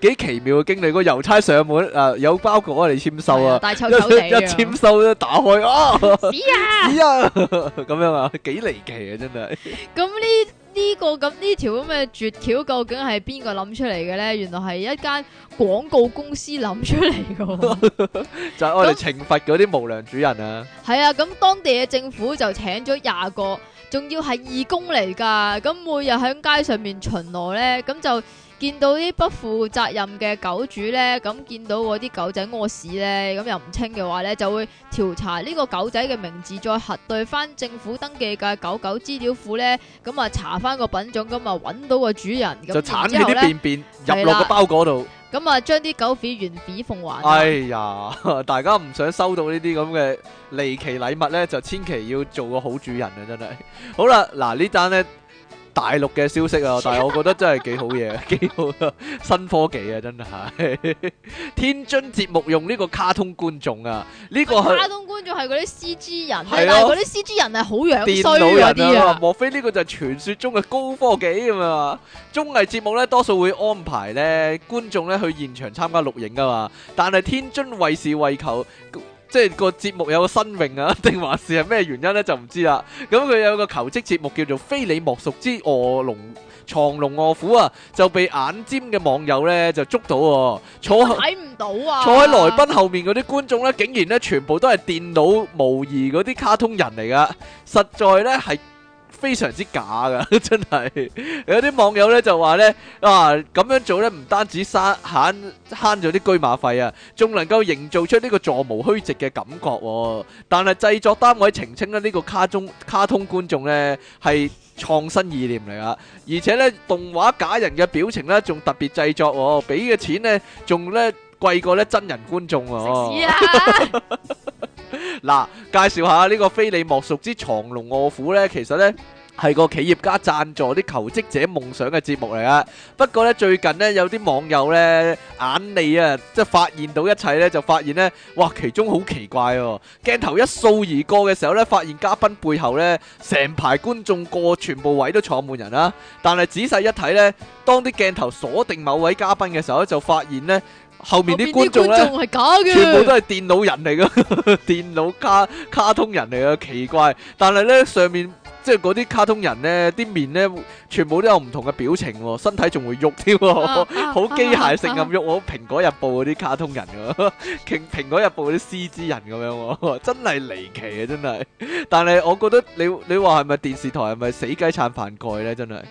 幾奇妙嘅經歷，個郵差上門啊，有包裹嚟簽收啊，大抽走地啊，一簽收都打開啊，屎啊屎啊，咁樣啊，幾離奇啊，真係。咁呢呢個咁呢條咁嘅絕橋，究竟係邊個諗出嚟嘅咧？原來係一間廣告公司諗出嚟噶，就係用嚟懲罰嗰啲無良主人啊。係啊，咁當地嘅政府就請咗廿個。仲要係義工嚟㗎，咁每日喺街上面巡邏呢，咁就見到啲不負責任嘅狗主呢。咁見到嗰啲狗仔屙屎呢，咁又唔清嘅話呢，就會調查呢個狗仔嘅名字，再核對翻政府登記嘅狗狗資料庫呢。咁啊查翻個品種，咁啊揾到個主人，咁之後呢，便便啦入落個包裹度。咁、嗯、啊，將啲狗屎原屎奉還！哎呀，大家唔想收到呢啲咁嘅離奇禮物咧，就千祈要做個好主人嘅、啊、真係。 好啦，嗱呢單咧。大陸嘅消息啊， 但係我覺得真係幾好嘢，幾好新科技啊！真係 天津節目用呢個卡通觀眾啊，呢、呢個卡通觀眾係嗰啲 CG 人，係啊，嗰啲 CG 人係好樣衰有啲啊！莫非呢個就係傳説中嘅高科技咁啊？綜藝節目呢，多數會安排呢，觀眾呢去現場參加錄影㗎嘛，但係天津衛視為求。即係個節目有個新穎啊，定還是係咩原因呢？就唔知啦。咁佢有個求職節目叫做《非你莫屬之卧龍藏龍卧虎》啊，就被眼尖嘅網友呢就捉到喎，坐喺唔到啊，坐喺來賓後面嗰啲觀眾呢，竟然呢全部都係電腦模擬嗰啲卡通人嚟㗎，實在呢係。非常之假噶，真係 有啲網友咧就話咧，啊咁樣做咧唔單止省慳慳咗啲車馬費啊，仲能夠營造出呢個座無虛席嘅感覺。但係製作單位澄清啦，呢個卡通卡通觀眾咧係創新意念嚟啊，而且咧動畫假人嘅表情咧仲特別製作，俾嘅錢呢仲咧貴過咧真人觀眾。食屎啊！ 嗱，介紹下呢個非你莫屬之藏龍臥虎呢其實呢，係個企業家贊助啲求職者夢想嘅節目嚟啊。不過呢，最近呢，有啲網友呢，眼利啊，即係發現到一切呢，就發現呢，哇，其中好奇怪哦、啊！鏡頭一掃而過嘅時候呢，發現嘉賓背後呢，成排觀眾個全部位都坐滿人啦、啊。但係仔細一睇呢，當啲鏡頭鎖定某位嘉賓嘅時候咧，就發現呢。後面啲觀眾咧，眾全部都係電腦人嚟噶， 電腦卡卡通人嚟噶，奇怪。但係咧上面即係嗰啲卡通人咧，啲面咧全部都有唔同嘅表情喎、哦，身體仲會喐添喎，啊、 好機械性咁喐，好、啊《蘋果日報》嗰啲卡通人㗎， 蘋《蘋果日報》嗰啲 CG 人咁樣，真係離奇啊！真係。但係我覺得你你話係咪電視台係咪死雞撐飯蓋呢？真係？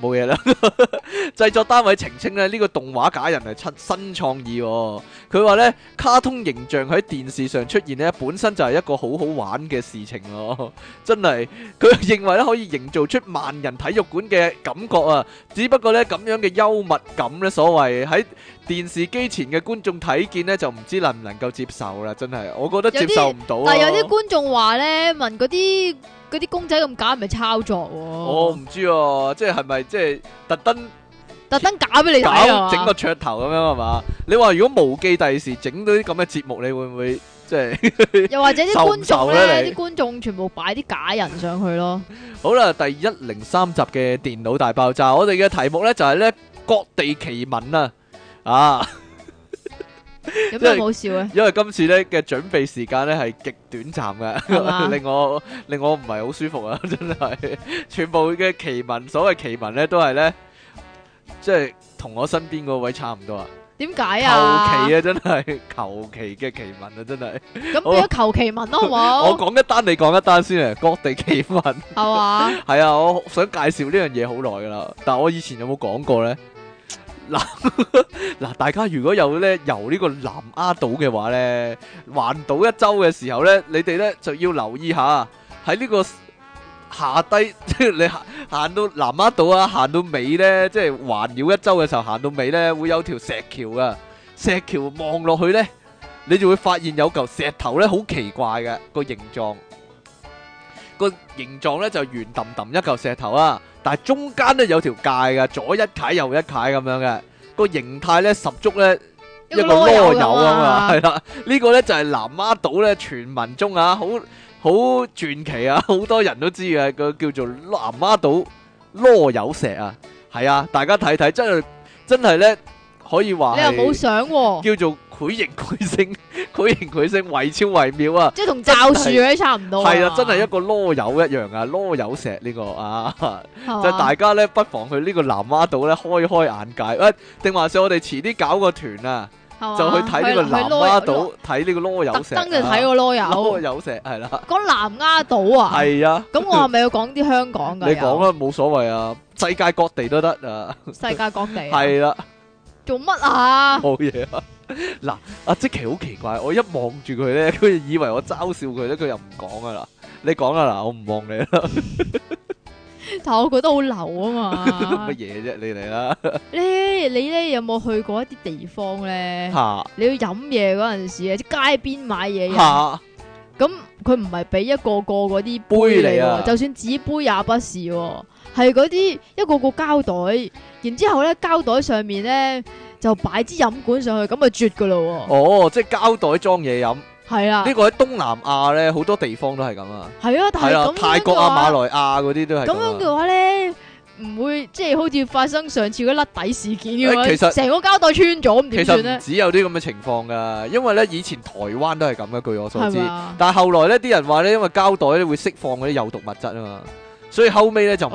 冇嘢啦！ 製作單位澄清咧，呢、呢個動畫假人係新創意、哦。佢話咧，卡通形象喺電視上出現咧，本身就係一個好好玩嘅事情咯、哦，真係。佢認為咧，可以營造出萬人體育館嘅感覺啊。只不過呢，咁樣嘅幽默感呢，所謂喺電視機前嘅觀眾睇見呢，就唔知能唔能夠接受啦，真係。我覺得接受唔到、哦、但有啲觀眾話呢，問嗰啲。嗰啲公仔咁假，係咪炒作喎。我唔知喎，即係係咪即係特登，特登假俾你搞啊！整個噱頭咁樣係嘛？你話如果無記第時整到啲咁嘅節目，你會唔會即係？又或者啲觀眾咧，啲觀眾全部擺啲假人上去咯。好啦，第一零三集嘅電腦大爆炸，我哋嘅題目咧就係咧各地奇聞啊！啊！有咩好笑啊？因為今次咧嘅準備時間咧係極短暫嘅吧， 令我令我唔係好舒服、就是、啊！真係全部嘅奇聞，所謂奇聞咧都係咧，即係同我身邊嗰位差唔多啊！點解啊？求其啊！真係求其嘅奇聞啊！真係咁叫求其聞咯，好 我？ 我講一單，你講一單先啊！各地奇聞係嘛？係吧 啊！我想介紹呢樣嘢好耐噶啦，但我以前有冇講過咧？嗱嗱， 大家如果有咧遊呢個南丫島嘅話咧，環島一周嘅時候咧，你哋咧就要留意下喺呢個下低，即係你行行到南丫島啊，行到尾咧，即係環繞一周嘅時候，行到尾咧，會有條石橋啊，石橋望落去咧，你就會發現有嚿石頭咧，好奇怪嘅、嗰個形狀。個形狀咧就圓揼揼一嚿石頭啊，但係中間咧有條界嘅，左一楷右一楷咁樣嘅。個形態咧十足咧一個籮柚啊嘛，係啦，呢個咧就係南丫島咧傳聞中啊，好好傳奇啊，好多人都知嘅個叫做南丫島籮柚石啊，係啊，大家睇睇真係真係咧可以話。又係冇相。叫做。佢形佢性，佢形佢性，偉超偉妙啊！即係同教樹嗰啲差唔多。係啊，真係一個囉柚一樣啊，囉柚石呢個啊，就大家咧不妨去呢個南丫島咧開開眼界。喂，定話說我哋遲啲搞個團啊，就去睇呢個南丫島，睇呢個囉柚石。特登就睇個囉柚。囉柚石係啦。講南丫島啊？係啊。咁我係咪要講啲香港㗎？你講啊，冇所謂啊，世界各地都得啊。世界各地。係啦。做乜啊？冇嘢啊。嗱，阿積淇好奇怪，我一望住佢咧，佢以為我嘲笑佢咧，佢又唔講㗎喇！嗱，你講啦，嗱，我唔望你啦。但我覺得好流啊嘛。乜嘢啫？你嚟啦。你你咧有冇去過一啲地方咧？吓、啊！你要飲嘢嗰陣時，喺街邊買嘢。吓、啊！咁佢唔係俾一個個嗰啲杯嚟，啊，就算紙杯也不是，係嗰啲一個個膠袋，然之後咧膠袋上面咧。就擺支飲管上去，咁就絕噶啦喎！哦，即係膠袋裝嘢飲，係啊，呢個喺東南亞咧好多地方都係咁啊。係啊，但係咁泰國啊、馬來亞嗰啲都係。咁樣嘅話咧，唔會即係好似發生上次嗰甩底事件嘅話，其實成個膠袋穿咗咁點算咧？其實只有啲咁嘅情況噶，因為咧以前台灣都係咁嘅，據我所知。但係後來咧，啲人話咧，因為膠袋咧會釋放嗰啲有毒物質啊嘛。所以後尾咧就唔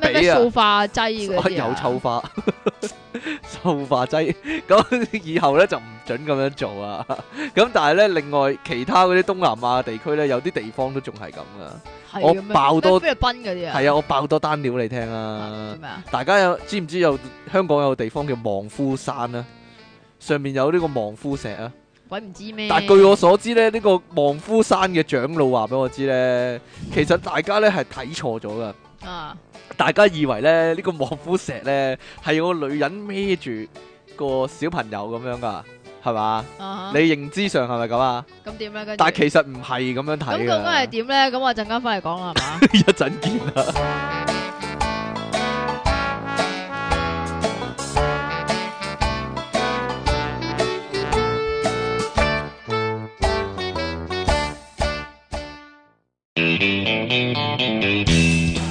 俾啊！化劑啊有臭化，臭 化劑咁 以後咧就唔準咁樣做啊。咁 但係咧，另外其他嗰啲東南亞地區咧，有啲地方都仲係咁啊。嗎我爆多咩菲律賓嗰啲啊？我爆多單料你聽啊。大家有知唔知有香港有個地方叫望夫山啊？上面有呢個望夫石啊！鬼唔知咩？但係據我所知咧，呢、這個望夫山嘅長老話俾我知咧，其實大家咧係睇錯咗噶。啊！Uh huh. 大家以為咧呢、這個望夫石咧係有個女人孭住個小朋友咁樣噶，係嘛？Uh huh. 你認知上係咪咁啊？咁點咧？但係其實唔係咁樣睇。咁究竟係點咧？咁我陣間翻嚟講啦，係嘛？一陣 見啦。Okay.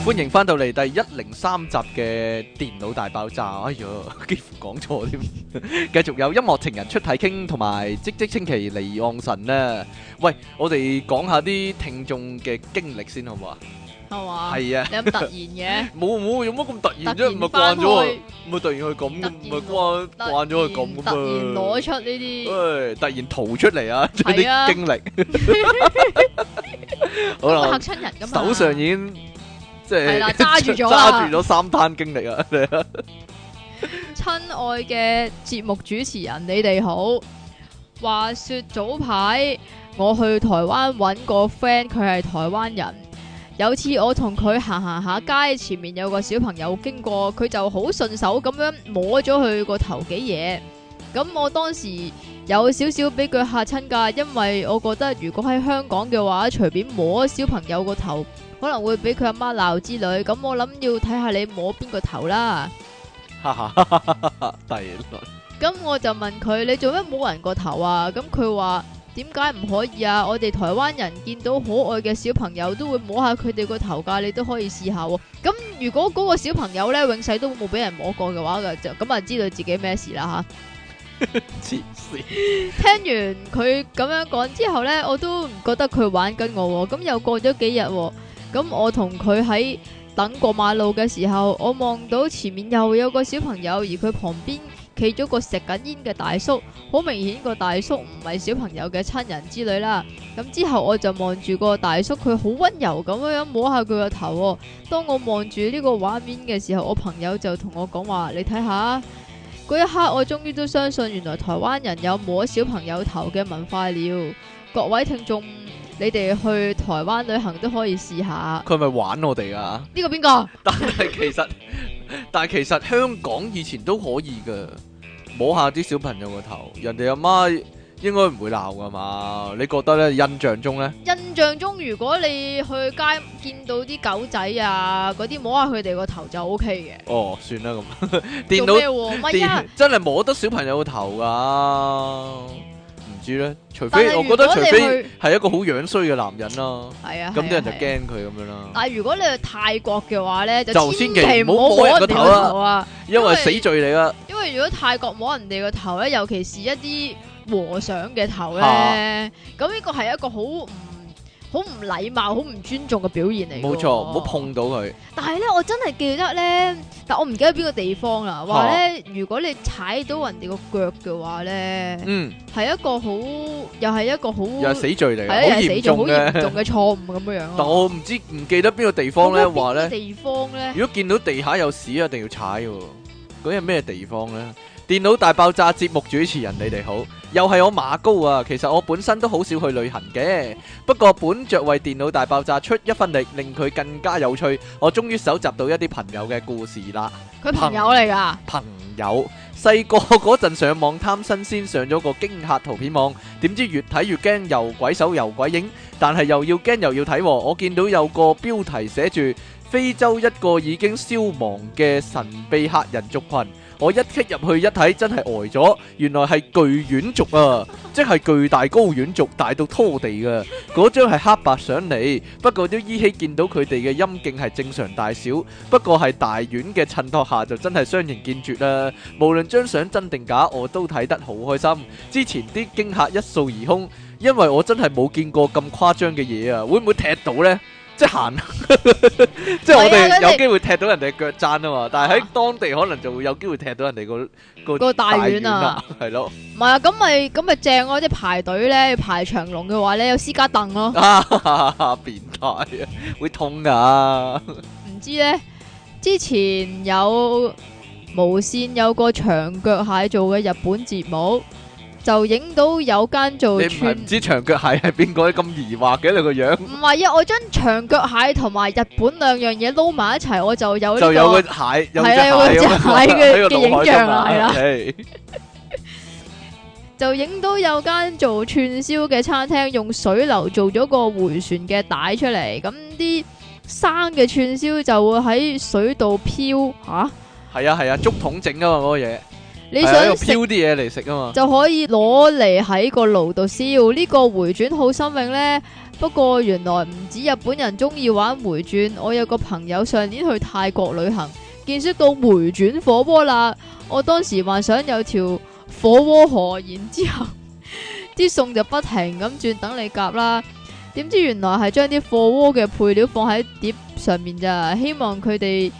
歡迎翻到嚟第一零三集嘅電腦大爆炸。哎呀，幾乎講錯添。繼續有音樂情人出體 king，同埋積積淇離岸神呢。喂，我哋講下啲聽眾嘅經歷先，好唔好啊？係嘛？係啊。有冇突然嘅？冇冇，有乜咁突然啫？唔係慣咗，唔係突然係咁嘅，唔係話慣咗係咁嘅。突然攞出呢啲。喂，突然逃出嚟啊！啲經歷。好啦，手上已經即係係啦，揸住咗揸住咗三灘經歷啊！親愛嘅節目主持人，你哋好。話說早排我去台灣搵個 friend，佢係台灣人。有次我同佢行行下街，前面有個小朋友經過，佢就好順手咁樣摸咗佢個頭幾嘢。咁我當時。有少少俾佢嚇親架，因為我覺得如果喺香港嘅話，隨便摸小朋友個頭，可能會俾佢阿媽鬧之類。咁我諗要睇下你摸邊個頭啦。咁 我就問佢：你做咩摸人個頭啊？咁佢話：點解唔可以啊？我哋台灣人見到可愛嘅小朋友都會摸下佢哋個頭架，你都可以試下喎，哦。咁如果嗰個小朋友呢，永世都冇俾人摸過嘅話嘅，就咁啊知道自己咩事啦吓。黐 聽完佢咁樣講之後呢，我都唔覺得佢玩緊我。咁又過咗幾日，咁我同佢喺等過馬路嘅時候，我望到前面又有個小朋友，而佢旁邊企咗個食緊煙嘅大叔，好明顯，個大叔唔係小朋友嘅親人之類啦。咁之後我就望住個大叔，佢好溫柔咁樣樣摸下佢個頭。當我望住呢個畫面嘅時候，我朋友就同我講話：你睇下。嗰一刻我終於都相信原來台灣人有摸小朋友頭嘅文化了。各位聽眾，你哋去台灣旅行都可以試下。佢係咪玩我哋啊？呢個邊個？ 但係其實，但係其實香港以前都可以㗎，摸下啲小朋友個頭，人哋阿媽。應該唔會鬧噶嘛？你覺得咧？印象中咧？印象中，如果你去街見到啲狗仔啊，嗰啲摸下佢哋個頭就 O K 嘅。哦，算啦，咁掂 到咩真係摸得小朋友個頭噶，啊，唔知咧。除非我覺得除非係去一個好樣衰嘅男人啦，係啊，咁啲，啊啊，人就驚佢咁樣啦。但係如果你去泰國嘅話咧，就千祈唔好摸人個頭啊，因為，因為死罪嚟啦。因為如果泰國摸人哋個頭咧，尤其是一啲，和尚嘅頭咧，咁呢個係一個好唔好唔禮貌、好唔尊重嘅表現嚟。冇錯，唔好碰到佢。但係咧，我真係記得咧，但我唔記得邊個地方啦。話咧，如果你踩到人哋個腳嘅話咧，嗯，係一個好，又係一個好，又係死罪嚟，又係死罪，好嚴重嘅錯誤咁樣樣。但我唔知唔記得邊個地方咧話咧，地方咧，如果見到地下有屎一定要踩，嗰啲係咩地方咧？電腦大爆炸節目主持人，你哋好，又係我馬高啊！其實我本身都好少去旅行嘅，不過本着為電腦大爆炸出一份力，令佢更加有趣，我終於搜集到一啲朋友嘅故事啦。佢朋友嚟噶？朋友細個嗰陣上網貪新鮮，上咗個驚嚇圖片網，點知越睇越驚，又鬼手又鬼影，但係又要驚又要睇，我見到有個標題寫住非洲一個已經消亡嘅神秘黑人族群。我一入去一睇，真係呆咗，原來係巨丸族啊！即係巨大高丸族，大到拖地噶。嗰張係黑白相嚟，不過都依稀見到佢哋嘅陰莖係正常大小，不過係大丸嘅襯托下就真係相形見絀啦。無論張相真定假，我都睇得好開心。之前啲驚嚇一掃而空，因為我真係冇見過咁誇張嘅嘢啊！會唔會踢到呢？即係行， 即係我哋有機會踢到人哋嘅腳踭啊嘛。啊但係喺當地可能就會有機會踢到人哋個個大院啊。係、啊、咯，唔係啊，咁咪咁咪正咯。即排隊咧，排長龍嘅話咧，有私家凳咯。變態啊，會痛㗎。唔知咧，之前有無綫有個長腳蟹做嘅日本節目。就影到有間做，你唔係唔知長腳蟹係邊個？咁疑惑嘅，你個樣。唔係啊，我將長腳蟹同埋日本兩樣嘢撈埋一齊，我就有就有個蟹，有隻蟹嘅嘅影像啦，係啦。就影到有間做串燒嘅餐廳，用水流做咗個回旋嘅帶出嚟。咁啲生嘅串燒就會喺水度飄。吓？係啊係啊，竹筒整吖嘛嗰個嘢。你想燒啲嘢嚟食啊嘛，就可以攞嚟喺個爐度燒。呢、這個回轉好新穎呢，不過原來唔止日本人中意玩回轉。我有個朋友上年去泰國旅行，見識到回轉火鍋啦。我當時幻想有條火鍋河，然之後啲 餸就不停咁轉等你夾啦。點知原來係將啲火鍋嘅配料放喺碟上面咋？希望佢哋。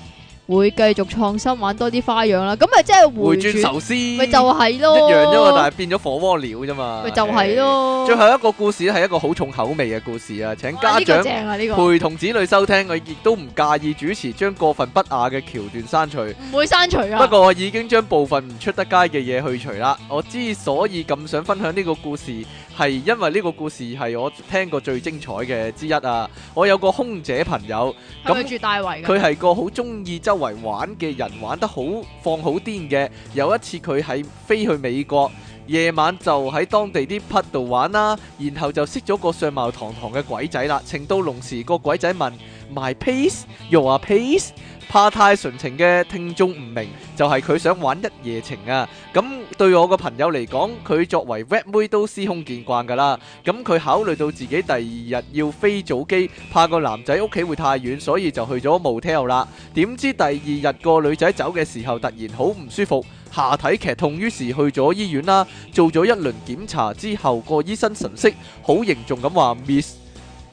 會繼續創新玩多啲花樣啦，咁咪即係回轉壽司，咪就係咯一樣啫嘛，但係變咗火鍋料啫嘛，咪就係咯。最後一個故事係一個好重口味嘅故事啊！請家長陪同子女收聽，我亦都唔介意主持將過分不雅嘅橋段刪除。唔會刪除啊！不過我已經將部分唔出得街嘅嘢去除啦。我之所以咁想分享呢個故事，係因為呢個故事係我聽過最精彩嘅之一啊！我有個空姐朋友，咁佢住大圍，佢係個好鍾意周為玩嘅人玩得好放好癲嘅，有一次佢係飛去美國，夜晚就喺當地啲 pub 度玩啦，然後就識咗個相貌堂堂嘅鬼仔啦。情到濃時，個鬼仔問：My place？Your place？怕太純情嘅聽眾唔明，就係佢想玩一夜情啊！咁對我個朋友嚟講，佢作為 red 妹都司空見慣噶啦。咁佢考慮到自己第二日要飛早機，怕個男仔屋企會太遠，所以就去咗 motel 啦。點知第二日個女仔走嘅時候，突然好唔舒服，下體劇痛，於是去咗醫院啦。做咗一輪檢查之後，個醫生神色好嚴重咁話：Miss，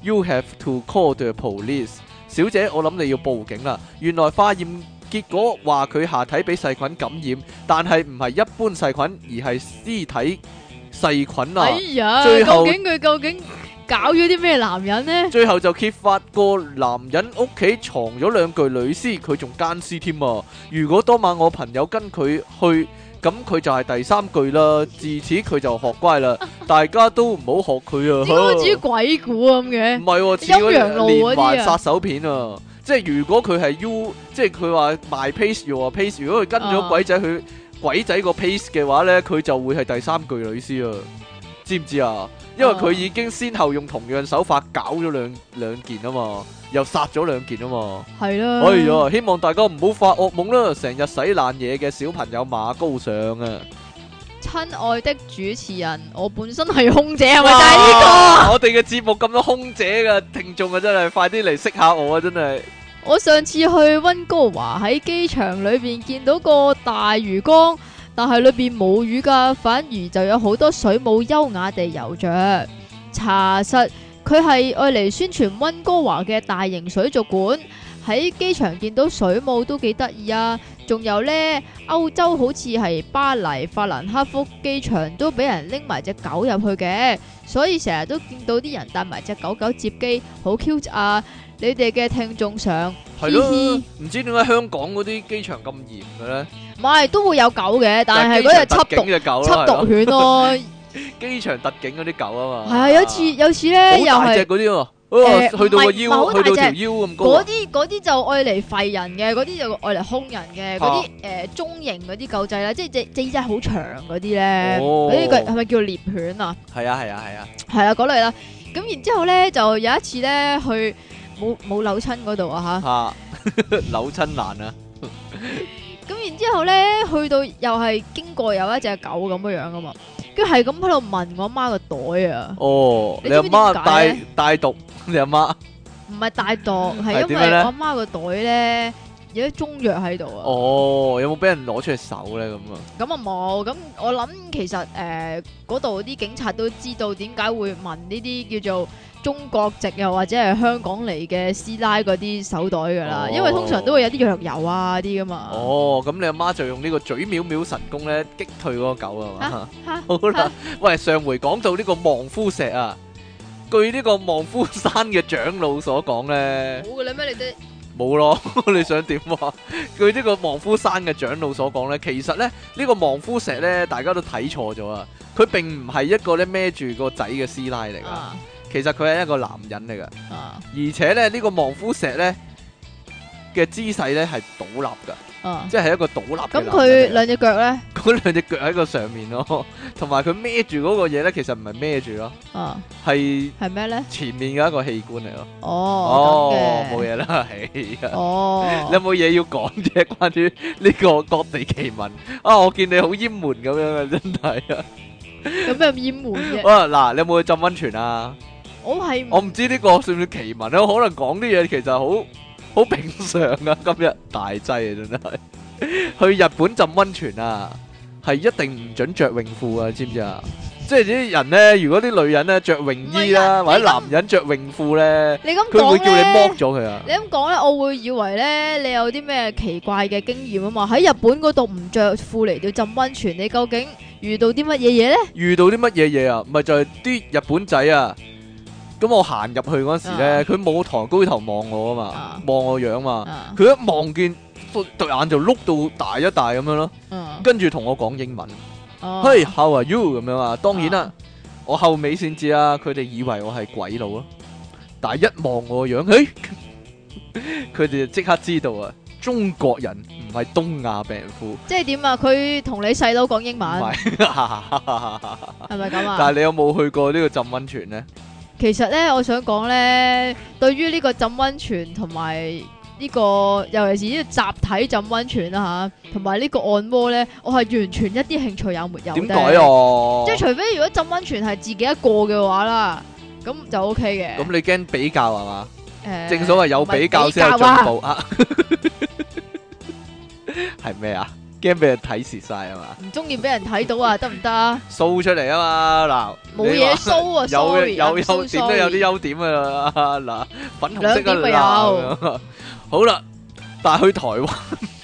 you have to call the police。小姐，我諗你要報警啦。原來化驗結果話佢下體俾細菌感染，但係唔係一般細菌，而係屍體細菌啊！哎呀，最後究竟佢究竟搞咗啲咩男人呢？最後就揭發個男人屋企藏咗兩具女屍，佢仲姦屍添啊！如果當晚我朋友跟佢去，咁佢就係第三句啦，自此佢就學乖啦，大家都唔好學佢 啊！好似鬼故咁嘅，唔係，似嗰個連環殺手片啊！即係如果佢係 u，即係佢話賣 pace 又話 pace，如果佢跟咗鬼仔去，鬼仔個 pace 嘅話咧，佢就會係第三句女屍啊，知唔知啊？因為佢已經先後用同樣手法搞咗兩兩件啊嘛，又殺咗兩件啊嘛，係啦，哎呀，希望大家唔好發惡夢啦，成日洗爛嘢嘅小朋友馬高上啊！親愛的主持人，我本身係空姐係咪就係呢、這個？哇哇 我哋嘅節目咁多空姐嘅聽眾啊，真係快啲嚟識下我啊！真係。我上次去溫哥華喺機場裏邊見到個大魚缸。但係裏邊冇魚噶，反而就有好多水母優雅地游着。查實佢係愛嚟宣傳溫哥華嘅大型水族館。喺機場見到水母都幾得意啊！仲有呢，歐洲好似係巴黎法蘭克福機場都俾人拎埋隻狗入去嘅，所以成日都見到啲人帶埋隻狗狗接機，好 cute 啊！你哋嘅聽眾上係咯，唔了 知點解香港嗰啲機場咁嚴嘅呢？唔係都會有狗嘅，但係嗰隻緝毒嘅狗，緝毒犬咯。機場特警嗰啲狗啊嘛。係啊，有次有次咧，又係，隻嗰啲啊，去到個腰，去到條腰咁高。嗰啲嗰啲就愛嚟吠人嘅，嗰啲就愛嚟兇人嘅，嗰啲誒中型嗰啲狗仔咧，即係隻隻耳仔好長嗰啲咧，嗰啲佢係咪叫做獵犬啊？係啊係啊係啊，係啊嗰類啦。咁然之後咧，就有一次咧去冇冇扭親嗰度啊吓，扭親難啊！然之後咧，去到又係經過有一隻狗咁樣樣噶嘛，跟住係咁喺度聞我阿媽個袋啊。哦，你阿媽帶帶毒？你阿媽唔係帶毒，係因為我阿媽個袋咧有啲中藥喺度啊。哦，有冇俾人攞出去搜咧咁啊？咁啊冇，咁我諗其實誒嗰度啲警察都知道點解會聞呢啲叫做。中國籍又或者係香港嚟嘅師奶嗰啲手袋噶啦，哦、因為通常都會有啲藥油啊啲噶嘛。哦，咁你阿媽就用呢個嘴藐藐神功咧擊退嗰個狗啊嘛？ 好啦，哈喂，上回講到呢個望夫石啊，據呢個望夫山嘅長老所講咧，冇噶啦咩？你都冇咯？沒了 你想點啊？ 據呢個望夫山嘅長老所講咧，其實咧呢、這個望夫石咧，大家都睇錯咗啊！佢並唔係一個咧孭住個仔嘅師奶嚟噶。其實佢係一個男人嚟噶，而且咧呢個望夫石咧嘅姿勢咧係倒立噶，即係一個倒立。咁佢兩隻腳咧？嗰兩隻腳喺個上面咯，同埋佢孭住嗰個嘢咧，其實唔係孭住咯，係係咩咧？前面嘅一個器官嚟咯。哦，冇嘢啦，係哦。你有冇嘢要講嘅？關於呢個各地奇聞啊！我見你好煙門咁樣嘅，真係啊！咁咩咁煙門嘅？啊嗱，你有冇去浸溫泉啊？我係我唔知呢個算唔算奇聞啊？可能講啲嘢，其實好好平常啊。今日大劑啊，真係去日本浸溫泉啊，係一定唔准着泳褲啊，知唔知啊？即係啲人呢，如果啲女人呢着泳衣啦，啊，女人，或者男人着泳褲呢，你咁講咧，佢會叫你剝咗佢啊？你咁講呢，我會以為呢，你有啲咩奇怪嘅經驗啊嘛。喺日本嗰度唔着褲嚟到浸溫泉，你究竟遇到啲乜嘢嘢呢？遇到啲乜嘢嘢啊？咪就係啲日本仔啊！咁我行入去嗰時咧，佢冇、uh, 堂高頭望我啊嘛，望、uh, 我樣嘛，佢、uh, 一望見對眼就碌到大一大咁樣咯，uh, 跟住同我講英文，嘿、uh, hey, How are you？咁樣啊，當然啦，uh, 我後尾先知啊，佢哋以為我係鬼佬咯，但係一望我個樣，嘿、欸，佢 哋 就即刻知道啊，中國人唔係東亞病夫。即係點啊？佢同你細佬講英文，係咪咁啊？但係你有冇去過呢個浸溫泉咧？其實咧，我想講咧，對於呢個浸温泉同埋呢個，尤其是呢個集體浸温泉啦吓，同埋呢個按摩咧，我係完全一啲興趣也沒有嘅。點解啊？即係除非如果浸温泉係自己一個嘅話啦，咁就 OK 嘅。咁你驚比較係嘛？誒、呃，正所謂有比較先有進步、呃、啊。係咩 啊？驚俾人睇蝕晒啊嘛？唔中意俾人睇到啊，得唔得？show 出嚟啊嘛，嗱，冇嘢 show 啊， 有有優點 都有啲優點啊，嗱，粉紅色啊，兩有！ 好啦，但係去台灣。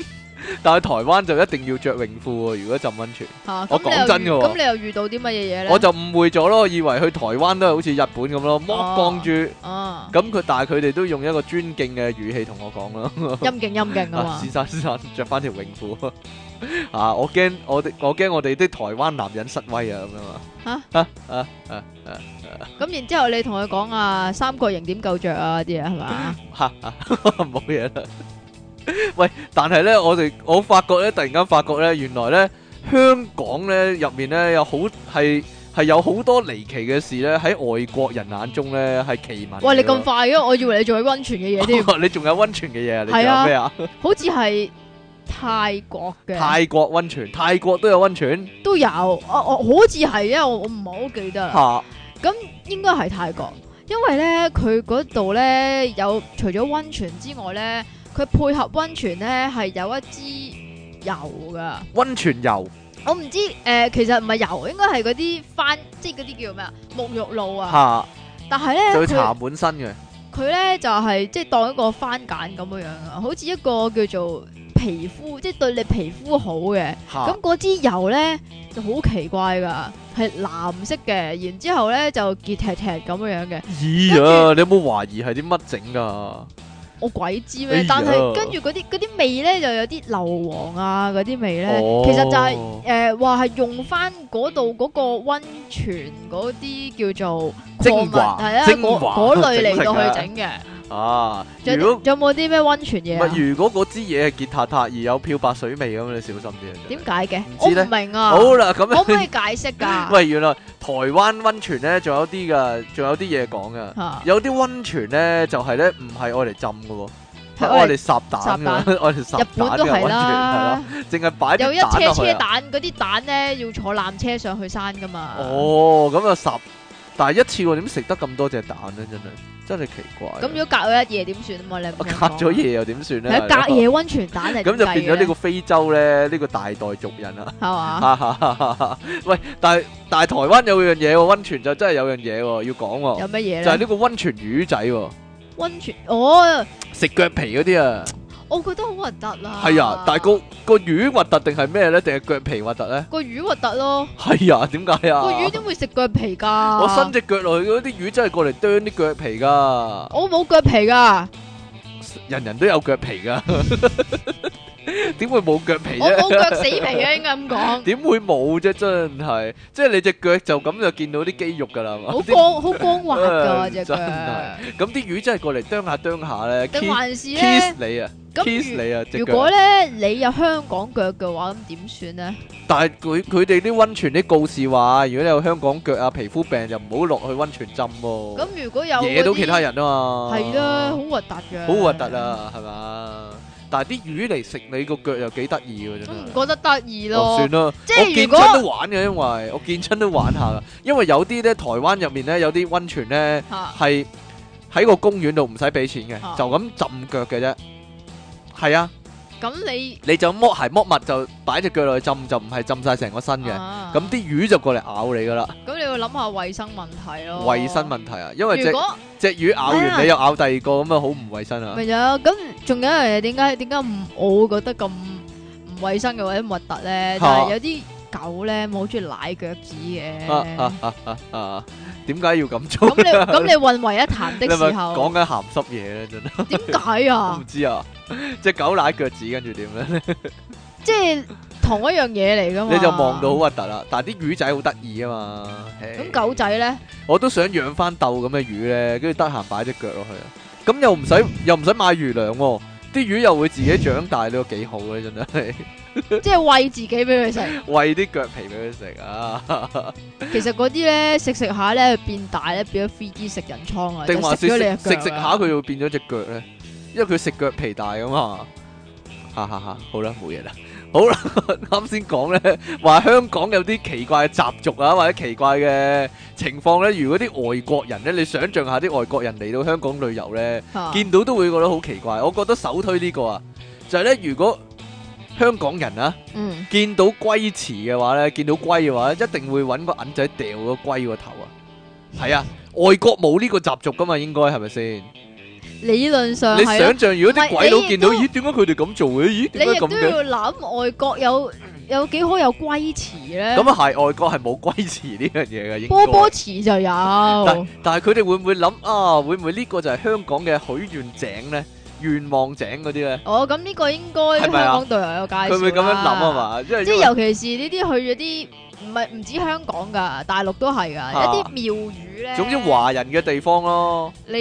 但係台灣就一定要着泳褲，如果浸溫泉。我講真嘅，咁你又遇到啲乜嘢嘢咧？我就誤會咗咯，以為去台灣都係好似日本咁咯，剝光住。哦。咁佢，但係佢哋都用一個尊敬嘅語氣同我講咯。陰莖陰莖噶嘛。先生先生，着翻條泳褲。啊！我驚我哋我驚我哋啲台灣男人失威啊咁啊嘛。咁然之後你同佢講啊，三角形點夠着啊啲嘢係嘛？冇嘢啦。喂，但係咧，我哋我發覺咧，突然間發覺咧，原來咧香港咧入面咧有好係係有好多離奇嘅事咧喺外國人眼中咧係奇聞。喂，你咁快嘅、啊，我以為你仲 有溫泉嘅嘢添。你仲有溫泉嘅嘢？你係啊咩，好似係泰國嘅 泰國溫泉，泰國都有溫泉都有。哦、啊、哦，好似係因為我我唔係好記得吓。咁哈應該係泰國，因為咧佢嗰度咧有除咗溫泉之外咧。佢配合温泉咧，係有一支油噶。温泉油？我唔知誒，其實唔係油，應該係嗰啲番，即係嗰啲叫咩啊？沐浴露啊。吓！但係咧，佢會搽滿身嘅。佢咧就係即係當一個番梘咁樣樣啊，好似一個叫做皮膚，即係對你皮膚好嘅。吓！咁嗰支油咧就好奇怪噶，係藍色嘅，然之後咧就結踢踢咁樣樣嘅。咦啊！你有冇懷疑係啲乜整噶？我鬼知咩？哎、呀但係跟住嗰啲嗰啲味咧，就有啲硫磺啊嗰啲味咧，哦、其實就係誒話係用返嗰度嗰個温泉嗰啲叫做礦物，係華啊嗰嗰華類嚟到去整嘅。啊！如果有冇啲咩温泉嘢啊？如果嗰支嘢係結塔塔而有漂白水味咁，你小心啲。點解嘅？我唔明啊！好啦，咁樣可唔可以解釋㗎？喂，原來台灣温泉咧，仲有啲噶，仲有啲嘢講噶。有啲温泉咧，就係咧，唔係愛嚟浸嘅喎，係愛嚟烚蛋嘅。日本都係啦，淨係擺啲蛋落去，有一車車蛋，嗰啲蛋咧要坐纜車上去山噶嘛？哦，咁啊烚。但係一次我點食得咁多隻蛋咧？真係真係奇怪。咁如果隔咗一夜點算啊？我隔咗夜又點算咧？隔夜溫泉蛋嚟。咁 就變咗呢個非洲咧，呢、這個大袋族人啊。係嘛吧？ 喂，但係但係台灣有樣嘢溫泉就真係有樣嘢要講，啊。有乜嘢？就係呢個溫泉魚仔。溫泉哦，oh. 食腳皮嗰啲啊。我覺得好核突啦，係啊，但係個個魚核突定係咩咧？定係腳皮核突咧？個魚核突咯，係啊，點解啊？個魚點會食腳皮噶？我伸隻腳落去，嗰啲魚真係過嚟啄啲腳皮噶。我冇腳皮噶，人人都有腳皮噶。 點會冇腳皮？我我腳死皮啊，應該咁講。點會冇啫？真係，即係你隻腳就咁就見到啲肌肉噶啦，好光好光滑噶隻腳。咁啲魚真係過嚟啄下啄下咧，kiss kiss 你啊，kiss 你啊！如果咧你有香港腳嘅話，咁點算呢？但係佢佢哋啲溫泉啲告示話，如果你有香港腳啊皮膚病就唔好落去溫泉浸喎。咁如果有惹到其他人啊嘛，係啦，好核突嘅，好核突啊，係嘛？但係啲魚嚟食你個腳又幾得意喎，真係。唔覺得得意咯。算啦，即係如果我見親都玩嘅，因為我見親都玩下噶。因為有啲咧，台灣入面咧有啲溫泉咧係喺個公園度唔使俾錢嘅，就咁浸腳嘅啫。係啊。咁你你就剝鞋剝襪就擺隻腳落去浸，就唔係浸曬成個身嘅。咁啲魚就過嚟咬你噶啦。去諗下衛生問題咯，衛生問題啊，因為隻隻果魚咬完、啊、你又咬第二個，咁啊好唔衛生啊。係啊，咁仲有一樣嘢，點解點解唔我會覺得咁唔衛生嘅或者核突咧？就係有啲狗咧，冇好中意舐腳趾嘅。啊點解、啊啊啊啊、要咁做咁 你咁你混為一談的時候，講緊鹹濕嘢咧，真 係。點解 啊？我唔知啊，隻狗舐腳趾，跟住點咧？即 係。同一樣嘢嚟噶嘛？你就望到好核突啦！但係啲魚仔好得意啊嘛。咁狗仔咧？我都想養翻鬥咁嘅魚咧，跟住得閒擺隻腳落去啊！咁又唔使又唔使買魚糧，哦，啲魚又會自己長大，呢個幾好咧！真係， 即係餵自己俾佢食， 餵啲腳皮俾佢食啊！ 其實嗰啲咧食食下咧變大咧變咗 3D 食人倉啊！定話你，食食下佢會變咗隻腳咧，因為佢食腳皮大啊嘛！哈哈哈，好啦，冇嘢啦。好啦，啱先講咧，話香港有啲奇怪嘅習俗啊，或者奇怪嘅情況咧。如果啲外國人咧，你想像下啲外國人嚟到香港旅遊咧，啊、見到都會覺得好奇怪。我覺得首推呢個啊，就係、是、咧，如果香港人啊，嗯見，見到龜池嘅話咧，見到龜嘅話，一定會搵個銀仔掉個龜個頭啊。係啊，外國冇呢個習俗㗎嘛，應該係咪先？理論上你想象如果啲是鬼佬也見到，咦？點解佢哋咁做嘅？咦？你亦都要諗外國有有幾可有龜池咧？咁啊，係外國係冇龜池呢樣嘢嘅，應該。波波池就有。 但係佢哋會唔會諗啊？會唔會呢個就係香港嘅許願井咧、願望井嗰啲咧？哦，咁呢個應該香港導遊有介紹。佢、啊、會咁樣諗係嘛？啊、因為 即係即係尤其是呢啲去咗啲。唔係唔止香港噶，大陸都係噶，一啲廟宇咧。總之華人嘅地方咯，你可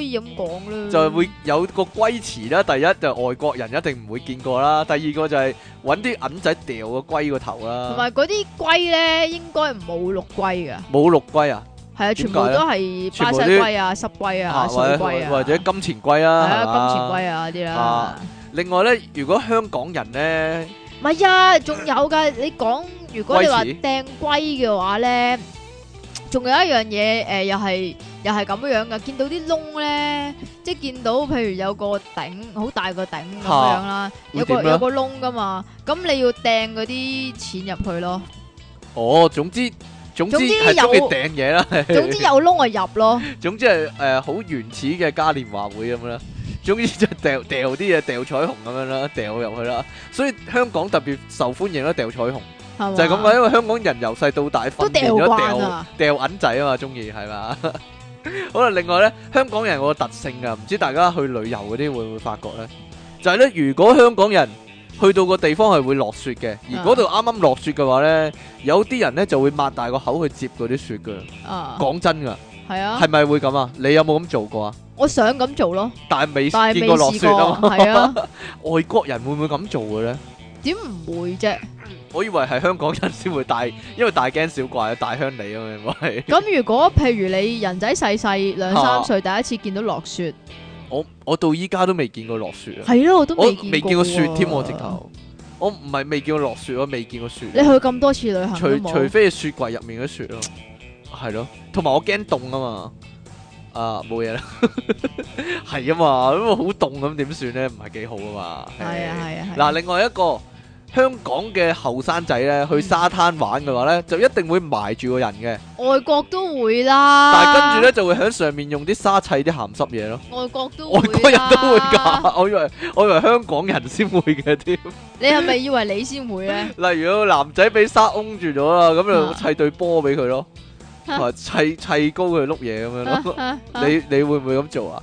以咁講啦。就係會有個龜池啦，第一就外國人一定唔會見過啦，第二個就係揾啲銀仔掉個龜個頭啦。同埋嗰啲龜咧，應該冇陸龜噶。冇陸龜啊？係啊，全部都係巴西龜啊、濕龜啊、錢龜啊，或者金錢龜啊，係啊，金錢龜啊啲啦。另外咧，如果香港人咧，唔係啊，仲有噶，你講。如果你話掟龜嘅話咧，仲有一樣嘢誒，又係又係咁樣噶。見到啲窿咧，即係見到譬如有個頂好大個頂咁樣啦，有個有個窿噶嘛，咁你要掟嗰啲錢入去咯。哦，總之總之係中意掟嘢啦，總之有窿就入咯。總之係誒好原始嘅嘉年華會咁樣啦。總之就掉掉啲嘢，掉彩虹咁樣啦，掉入去啦。所以香港特別受歡迎咯，掉彩虹。就係咁講，因為香港人由細到大訓練咗掉掉銀仔啊嘛，中意係嘛？好啦，另外咧，香港人個特性啊，唔知大家去旅遊嗰啲會唔會發覺咧？就係咧，如果香港人去到個地方係會落雪嘅，而嗰度啱啱落雪嘅話咧，有啲人咧就會擘大個口去接嗰啲雪噶。啊，講真噶，係啊，係咪會咁啊？你有冇咁做過啊？我想咁做咯，但係未，但係未落雪啊。係啊，外國人會唔會咁做嘅咧？點唔會啫？我以為係香港人先會大，因為大驚小怪啊，大鄉里啊，咁樣。咁如果譬如你人仔細細兩三歲，第一次見到落雪，我我到依家都未見過落雪啊。係咯，我都未未見過雪添，我直頭，我唔係未見過落雪，我未見過雪。你去咁多次旅行？除除非係雪櫃入面嘅雪咯，係咯，同埋我驚凍啊嘛。啊，冇嘢啦，係啊嘛，因為好凍咁點算咧？唔係幾好啊嘛。係啊係啊。嗱，另外一個。香港嘅後生仔咧，去沙灘玩嘅話咧，就一定會埋住個人嘅。外國都會啦。但係跟住咧，就會喺上面用啲沙砌啲鹹濕嘢咯。外國都外國人都會噶，我以為我以為香港人先會嘅添。你係咪以為你先會咧？例如，如果個男仔俾沙擁住咗啦，咁就砌對波俾佢咯，同埋砌砌高佢碌嘢咁樣咯。你你會唔會咁做啊？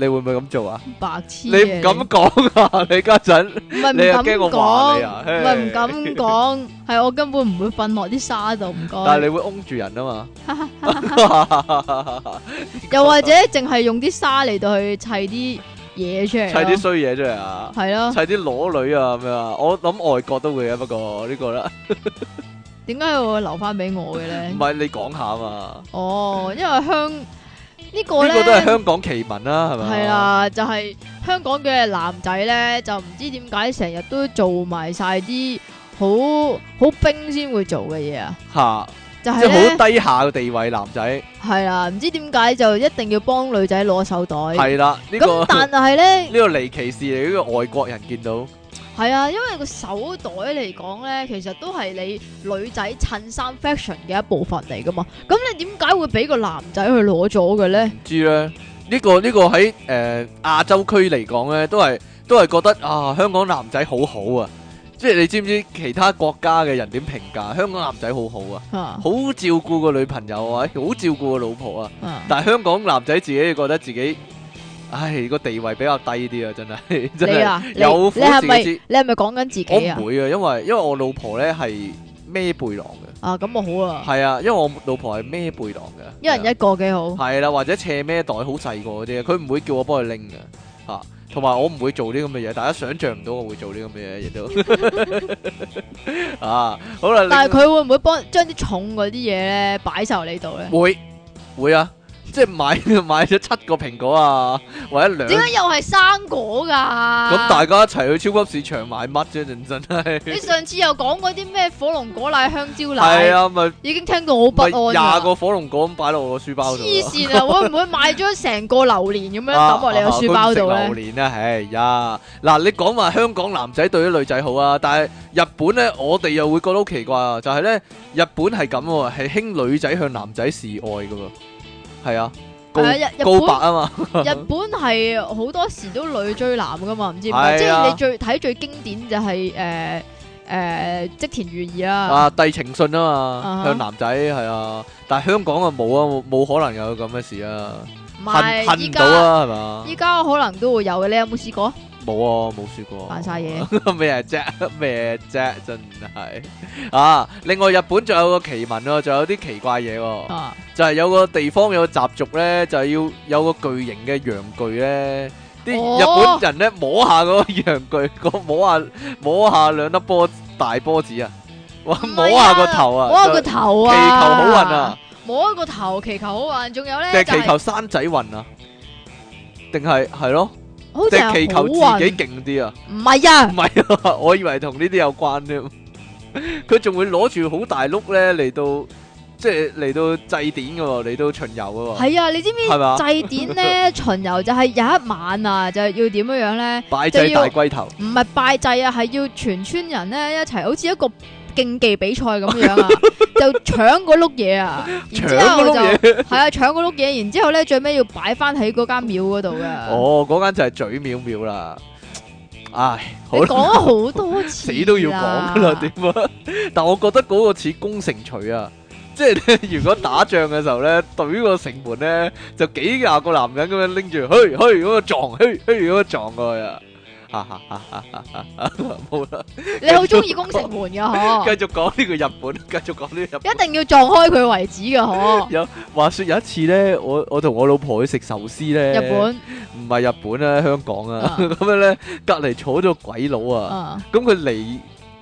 你會唔會咁做啊？白痴！你唔敢講啊？你家陣唔係唔敢講，係我根本唔會瞓落啲沙度，唔該。但係你會擁住人啊嘛？又或者淨係用啲沙嚟到去砌啲嘢出嚟？砌啲衰嘢出嚟啊！係咯？砌啲裸女啊咁樣啊！我諗外國都會啊，不過呢個咧，點解會留翻俾我嘅咧？唔係你講下嘛？哦，因為香。呢個呢個都係香港奇聞啦，係咪啊？係啦，就係香港嘅男仔咧，就唔知點解成日都做埋晒啲好好兵先會做嘅嘢啊！吓，就係即係好低下嘅地位，男仔係啦，唔知點解就一定要幫女仔攞手袋。係啦，咁但係咧，呢 個離奇事嚟，呢個外國人見到。係啊，因為個手袋嚟講呢，其實都係你女仔襯衫 fashion 嘅一部分嚟噶嘛。咁你點解會俾個男仔去攞咗嘅咧？唔知啦，呢、呢個呢、呢個喺誒、呃、亞洲區嚟講呢，都係都係覺得啊，香港男仔好好啊。即係你知唔知其他國家嘅人點評價香港男仔好好啊？好、啊、照顧個女朋友啊，好照顧個老婆啊。啊但係香港男仔自己覺得自己。唉，個地位比較低啲啊，真係真係有你是是。你係咪你係咪講緊自己啊？唔會啊，因為因為我老婆咧係孭背囊嘅。啊，咁我好啊。係啊，因為我老婆係孭背囊嘅。一人一個幾好。係啦、啊，或者斜孭袋好細個嗰啲，佢唔會叫我幫佢拎㗎吓，同、啊、埋我唔會做啲咁嘅嘢，大家想象唔到我會做啲咁嘅嘢，亦都 啊。好啦，但係佢會唔會幫將啲重嗰啲嘢咧擺就你度咧？會會啊。即係買買咗七個蘋果啊，或者兩？點解又係生果噶？咁大家一齊去超級市場買乜啫？認真係！你上次又講嗰啲咩火龍果奶、香蕉奶？係啊，咪已經聽到好不安。廿個火龍果咁擺落我個書包度。黐線啊！會唔會買咗成個榴蓮咁樣抌落你個書包度咧？啊，咸咸吞食榴蓮啊！係呀，嗱，你講話香港男仔對啲女仔好啊，但係日本咧，我哋又會覺得好奇怪啊，就係咧，日本係咁，係興女仔向男仔示愛噶。係啊，係啊、呃，告白啊嘛，日本係好多時都女追男噶嘛，唔知有冇係、啊、即係你最睇最經典就係誒誒織田裕二、啊啊》啦，啊帝情信啊嘛，uh huh、向男仔係啊，但係香港啊冇啊，冇可能有咁嘅事啊，唔係依家，依家可能都會有嘅，你有冇試過？冇啊，冇說過。扮晒嘢咩啫？咩啫？真係啊！另外日本仲有個奇聞哦，仲有啲奇怪嘢，就係有個地方有個習俗咧，就係要有個巨型嘅陽具咧，啲日本人咧摸下嗰個陽具，個摸下摸下兩粒波大波子啊，摸下個頭啊，摸下個頭啊，祈求好運啊，摸個頭祈求好運，仲有咧就係祈求生仔運啊，定係係咯。好即係祈求自己勁啲運啊！唔係啊，唔係啊，我以為同呢啲有關添。佢 仲會攞住好大碌咧嚟到，即係嚟到祭典噶喎，嚟到巡遊啊。喎。係啊，你知唔知吧祭典咧 巡遊就係有一晚啊，就係要點樣樣咧？拜祭大龜頭。唔係拜祭啊，係要全村人咧一齊，好似一個。競技比賽咁樣啊，就搶嗰碌嘢啊，然之後就係啊搶嗰碌嘢，然之後咧最尾要擺翻喺嗰間廟嗰度嘅。哦，嗰間就係嘴廟廟啦。唉，好講咗好多次，死 都要講噶啦，點啊？但我覺得嗰個似攻城錘啊，即係 如果打仗嘅時候咧，懟個城門咧，就幾廿個男人咁樣拎住，去去嗰個撞，去去嗰個撞噶啊。McMahon ged researchers 哈哈哈哈哈哈啊，冇啦！ 了你好中意攻城門噶嗬？繼 續講呢個日本，繼續講呢個日本！ 一定要撞開佢為止噶嗬？ 有話說有一次咧，我我同我老婆去食壽司咧，日本唔係日本啊，香港啊咁、uh. 樣咧，隔籬坐咗鬼佬啊，咁佢嚟。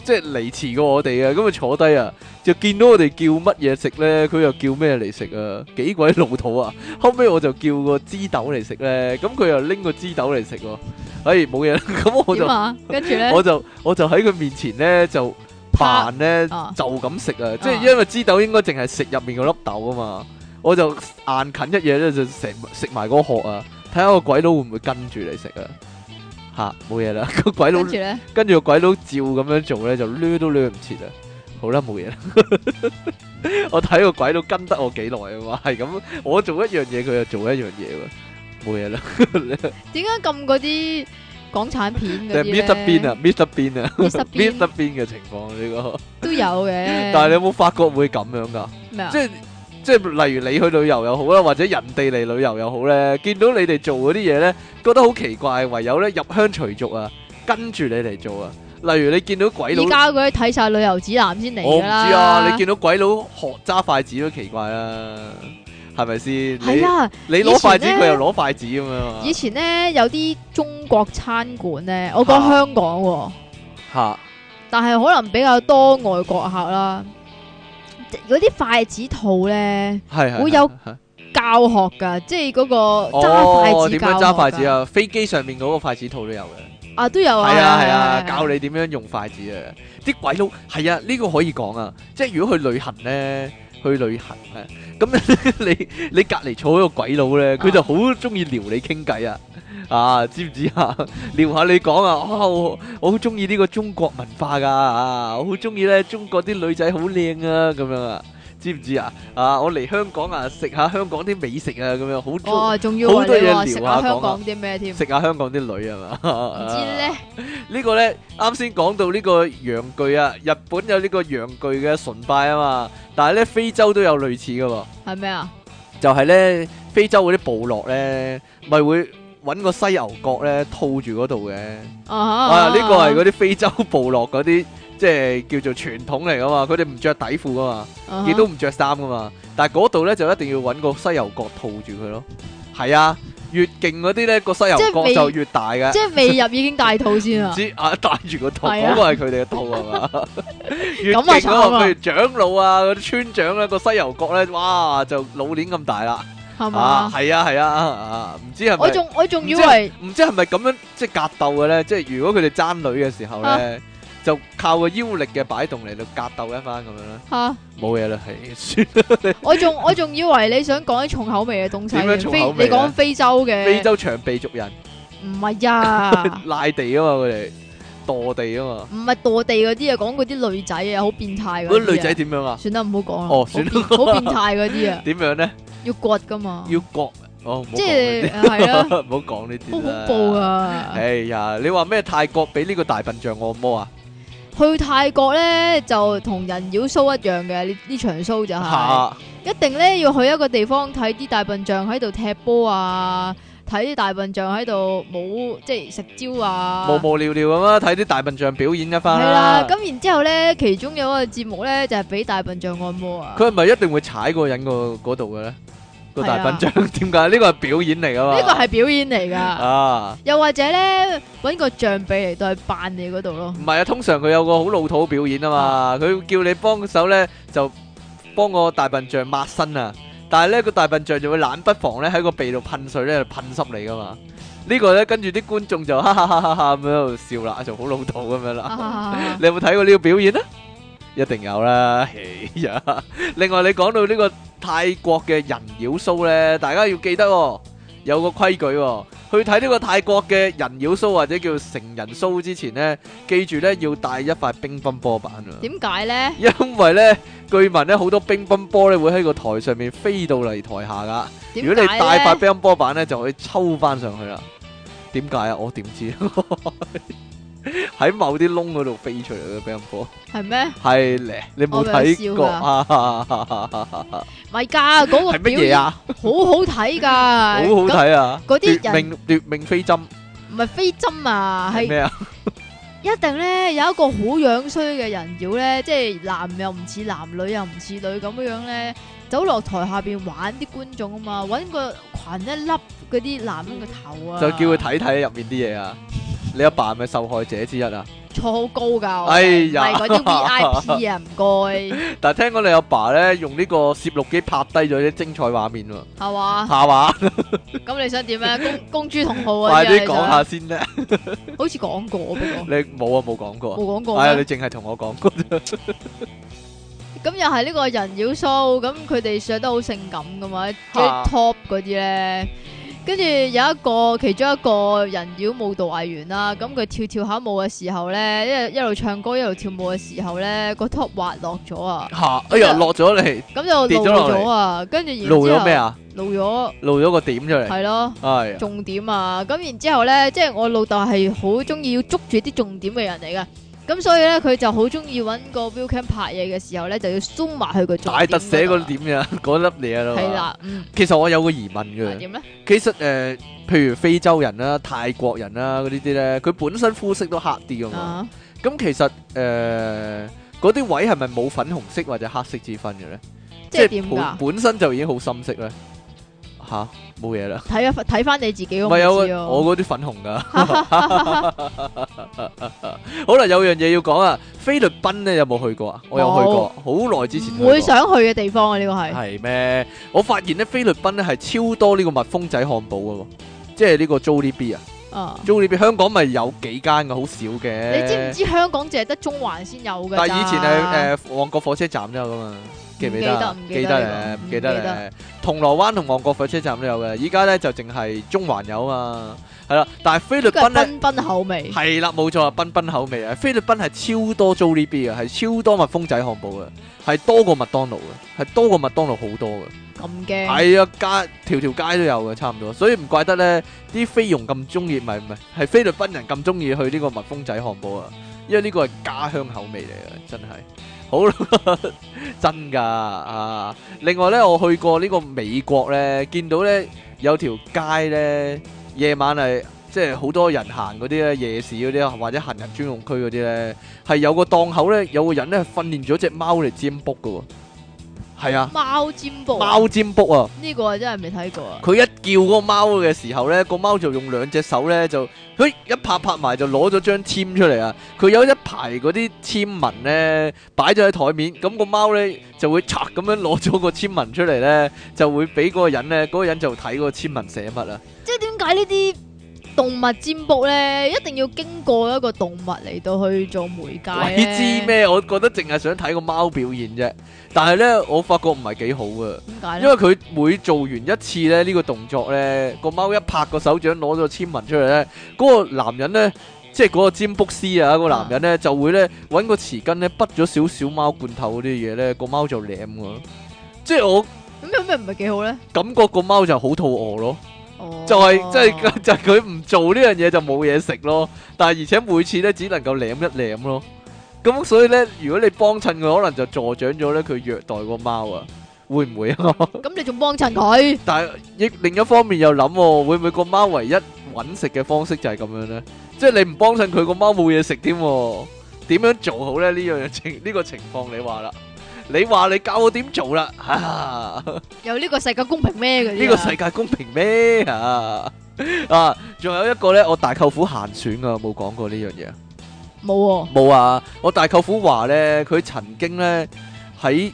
即係嚟遲過我哋啊！咁啊坐低啊，就見到我哋叫乜嘢食呢？佢又叫咩嚟食啊？幾鬼老土啊！後尾我就叫個枝豆嚟食呢。咁佢又拎個枝豆嚟食喎。哎，冇嘢啦，咁我、啊、 我就，我就我就喺佢面前呢，就扮呢，啪就咁食啊！啊即係因為枝豆應該淨係食入面個粒豆啊嘛，我就硬啃一嘢咧就食食埋嗰殼啊，睇下個鬼佬會唔會跟住嚟食啊？吓，冇嘢啦！個鬼佬跟住個鬼佬照咁樣做咧，就捋都捋唔切啦。好啦，冇嘢啦。我睇個鬼佬跟得我幾耐啊？哇，係咁，我做一樣嘢佢又做一樣嘢喎。冇嘢啦。點解撳嗰啲港產片嗰啲咧？Mr Bean 啊，Mr Bean 啊，Mr Bean 嘅情況呢個都有嘅。但係你有冇發覺會咁樣噶？咩啊？即係例如你去旅遊又好啦，或者人哋嚟旅遊又好咧，見到你哋做嗰啲嘢咧，覺得好奇怪，唯有咧入鄉隨俗啊，跟住你嚟做啊。例如你見到鬼佬，而家嗰啲睇晒旅遊指南先嚟。唔知啊，你見到鬼佬學揸筷子都奇怪啦，係咪先？係啊，啊你攞筷子佢又攞筷子咁樣。以前咧有啲中國餐館咧，我講香港喎、啊、吓，但係可能比較多外國客啦。嗰啲筷子套咧，係是會有教學噶，是是是即係嗰個揸筷子教。揸、哦、點樣筷子啊，飛機上面嗰個筷子套都有嘅，啊都有啊，係啊係啊，教你點樣用筷子啊，啲鬼佬係啊，呢、啊，這個可以講啊，即係如果去旅行咧。去旅行啊！咁你你隔籬坐一個鬼佬咧，佢就好中意撩你傾偈啊！啊，知唔知啊？撩下你講啊，哇、啊！我好中意呢個中國文化噶，我啊，好中意咧，中國啲女仔好靚啊，咁樣啊！知唔知啊？啊，我嚟香港啊，食下香港啲美食啊，咁樣好哦，仲要好、啊、多嘢聊下，食下香港啲咩添？食下香港啲女啊嘛？唔 知咧。 個呢個咧，啱先講到呢個洋具啊，日本有呢個洋具嘅崇拜啊嘛，但係咧非洲都有類似噶喎。係咩啊？就係咧，非洲嗰啲部落咧，咪會搵個犀牛角咧套住嗰度嘅。啊，呢、這個係嗰啲非洲部落嗰啲。即係叫做傳統嚟噶嘛，佢哋唔着底褲噶嘛，亦都唔着衫噶嘛。但係嗰度咧就一定要揾個西游角套住佢咯。係啊，越勁嗰啲咧個西游角就越大嘅。即係未入已經大肚先啊！唔 知啊，戴住個套，嗰個係佢哋嘅套啊嘛。咁啊慘啊！譬 如長老啊，嗰啲村長咧，個西游角咧，哇就老年咁大啦。係咪嗎啊？係啊係啊，唔、啊啊啊啊、知係咪？我仲我仲以為唔知係咪咁樣即係格鬥嘅咧？即係如果佢哋爭女嘅時候咧？Uh. 就靠個腰力嘅擺動嚟到格鬥一番咁樣啦，吓冇嘢啦，係算啦。我仲我仲以為你想講啲重口味嘅東西，你講非洲嘅非洲長臂族人，唔係啊，賴地啊嘛佢哋，墮地啊嘛，唔係墮地嗰啲啊，講嗰啲女仔啊，好變態嗰啲。嗰女仔點樣啊？算啦唔好講啦，哦，算啦變態嗰啲啊。點樣咧？要掘噶嘛？要掘哦，即係唔好講呢啲，好恐怖啊！哎呀，你話咩泰國俾呢個大笨象按摩啊？去泰國咧就同人妖 show 一樣嘅，呢呢場 show 就係、是啊、一定咧要去一個地方睇啲大笨象喺度踢波啊，睇啲大笨象喺度冇即係食蕉啊，無無聊聊咁樣，睇啲大笨象表演一番。係啦，咁然之後咧，其中有一個節目咧就係、是、俾大笨象按摩啊。佢係咪一定會踩過人個度嘅咧？個大笨象點解？呢個係表演嚟噶嘛？呢個係表演嚟噶啊！又或者咧，搵個象臂嚟到去扮你嗰度咯。唔係啊，通常佢有個好老土嘅表演啊嘛。佢叫你幫手咧，就幫個大笨象抹身啊。但係咧，個大笨象就會懶不妨咧喺個鼻度噴水咧噴濕你噶嘛。呢個咧跟住啲觀眾就哈哈哈哈哈咁喺度笑啦，就好老土咁樣啦。你有冇睇過呢個表演啊？一定有啦。哎呀，另外你講到呢個。泰國嘅人妖 show 咧，大家要記得哦，有個規矩，哦，去睇呢個泰國嘅人妖 show 或者叫成人 show 之前呢，記住咧要帶一塊乒乓波板啊。點解呢？因為呢據聞呢，好多乒乓波咧會喺個台上面飛到嚟台下噶。如果你帶塊乒乓波板呢，就可以抽翻上去啦。點解啊？我點知？ 喺某啲窿嗰度飛出嚟嘅乒乓波，係咩？係咧，你冇睇過啊？唔係噶，嗰個係乜嘢啊？好好睇噶，好好睇啊！嗰啲人奪命飛針，唔係飛針啊，係咩啊？一定咧有一個好樣衰嘅人妖咧，即係男又唔似男，女又唔似女咁樣樣咧。走落台下邊玩啲觀眾啊嘛，揾個裙一笠嗰啲男人個頭啊！就叫佢睇睇入面啲嘢啊！你阿爸係咪受害者之一啊？坐好高㗎，係咪嗰啲 VIP 啊？唔該。但係聽講你阿爸咧用呢個攝錄機拍低咗啲精彩畫面喎。係嘛？係嘛？咁你想點咧？公公豬同好啊？快啲講下先啦！好似講過㗎喎？你冇啊？冇講過。冇講過。係啊，你淨係同我講過啫。咁又係呢個人妖 show，咁佢哋上得好性感噶嘛，最 top 嗰啲咧，跟住有一個其中一個人妖舞蹈藝員啦，咁佢跳跳下舞嘅時候咧，因為一路唱歌一路跳舞嘅時候咧，個 top 滑落咗啊！嚇！哎呀，落咗嚟，咁就落咗啊！跟住然之後露咗咩啊？露咗露咗個點出嚟，係咯，係重點啊！咁然之後咧，即係我老豆係好中意要捉住啲重點嘅人嚟噶。咁所以咧，佢就好中意揾個 ViewCam 拍嘢嘅時候咧，就要 zoom 埋佢個嘴。大特寫 個點呀？嗰粒嘢咯。係、嗯、啦，其實我有個疑問嘅。點咧？其實誒、呃，譬如非洲人啦、啊、泰國人啦嗰啲啲咧，佢本身膚色都黑啲噶嘛。咁、uh huh. 嗯、其實誒，嗰、呃、啲位係咪冇粉紅色或者黑色之分嘅咧？即係本本身就已經好深色咧。吓冇嘢啦，睇翻睇翻你自己咁樣知有我嗰啲粉紅噶， 好啦，有樣嘢要講啊。菲律賓咧有冇去過啊？我有去過，好耐有之前。唔會想去嘅地方啊，呢、這個係係咩？我發現咧菲律賓咧係超多呢個蜜蜂仔漢堡噶，即係呢個 Jollibee 啊。租呢邊香港咪有幾間嘅，好少嘅。你知唔知香港淨係得中環先有嘅？但係以前係誒旺角火車站都有㗎嘛？記唔記得？記得咧，唔記得咧。銅鑼灣同旺角火車站都有嘅，依家咧就淨係中環有啊嘛。係啦，但係菲律賓咧，係啦，冇錯啊，賓賓口味啊，菲律賓係超多 Jollibee 啊，係超多蜜蜂仔漢堡啊，係多過麥當勞啊，係多過麥當勞好多噶，咁驚？係啊，街條條街都有嘅，差唔多，所以唔怪得咧，啲菲傭咁中意，唔係唔係，係菲律賓人咁中意去呢個蜜蜂仔漢堡啊，因為呢個係家鄉口味嚟嘅，真係好啦，真噶啊！另外咧，我去過呢個美國咧，見到咧有條街咧。夜晚係即係好多人行嗰啲咧夜市嗰啲，或者行人專用區嗰啲咧，係有個檔口咧，有個人咧訓練咗隻貓嚟占卜嘅喎。係啊，貓占卜，貓占卜啊！呢個真係未睇過啊！佢一叫嗰個貓嘅時候呢，個貓就用兩隻手呢，就，佢一拍拍埋就攞咗張籤出嚟啊！佢有一排嗰啲籤文呢擺咗喺台面，咁個貓呢就會拆咁樣攞咗個籤文出嚟呢，就會俾嗰個人呢，嗰、嗰個人就睇嗰個籤文寫乜啊！即係點解呢啲動物占卜呢一定要經過一個動物嚟到去做媒介咧？鬼知咩？我覺得淨係想睇個貓表現啫。但係咧，我發覺唔係幾好啊，因為佢每做完一次咧呢個動作咧，個貓一拍個手掌，攞咗個簽文出嚟咧，嗰個男人咧，即係嗰個占卜師啊個男人咧，就會咧揾個匙羹咧潷咗少少貓罐頭嗰啲嘢咧，個貓就舐噶咯，即係我咩咩唔係幾好咧？感覺個貓就好肚餓咯，就係即係就係佢唔做呢樣嘢就冇嘢食咯，但係而且每次咧只能夠舐一舐咯。咁所以咧，如果你幫襯佢，可能就助長咗咧佢虐待個貓啊，會唔會啊？咁你仲幫襯佢？但係亦另一方面又諗，會唔會個貓唯一揾食嘅方式就係咁樣咧？即係你唔幫襯佢，個貓冇嘢食添，點樣做好咧？呢樣嘢情呢個情況你話啦，你話你教我點做啦？吓，有呢個世界公平咩嘅？呢個世界公平咩啊？啊，仲有一個咧，我大舅父閒選啊，冇講過呢樣嘢。冇喎，冇啊！我大舅父話咧，佢曾經咧喺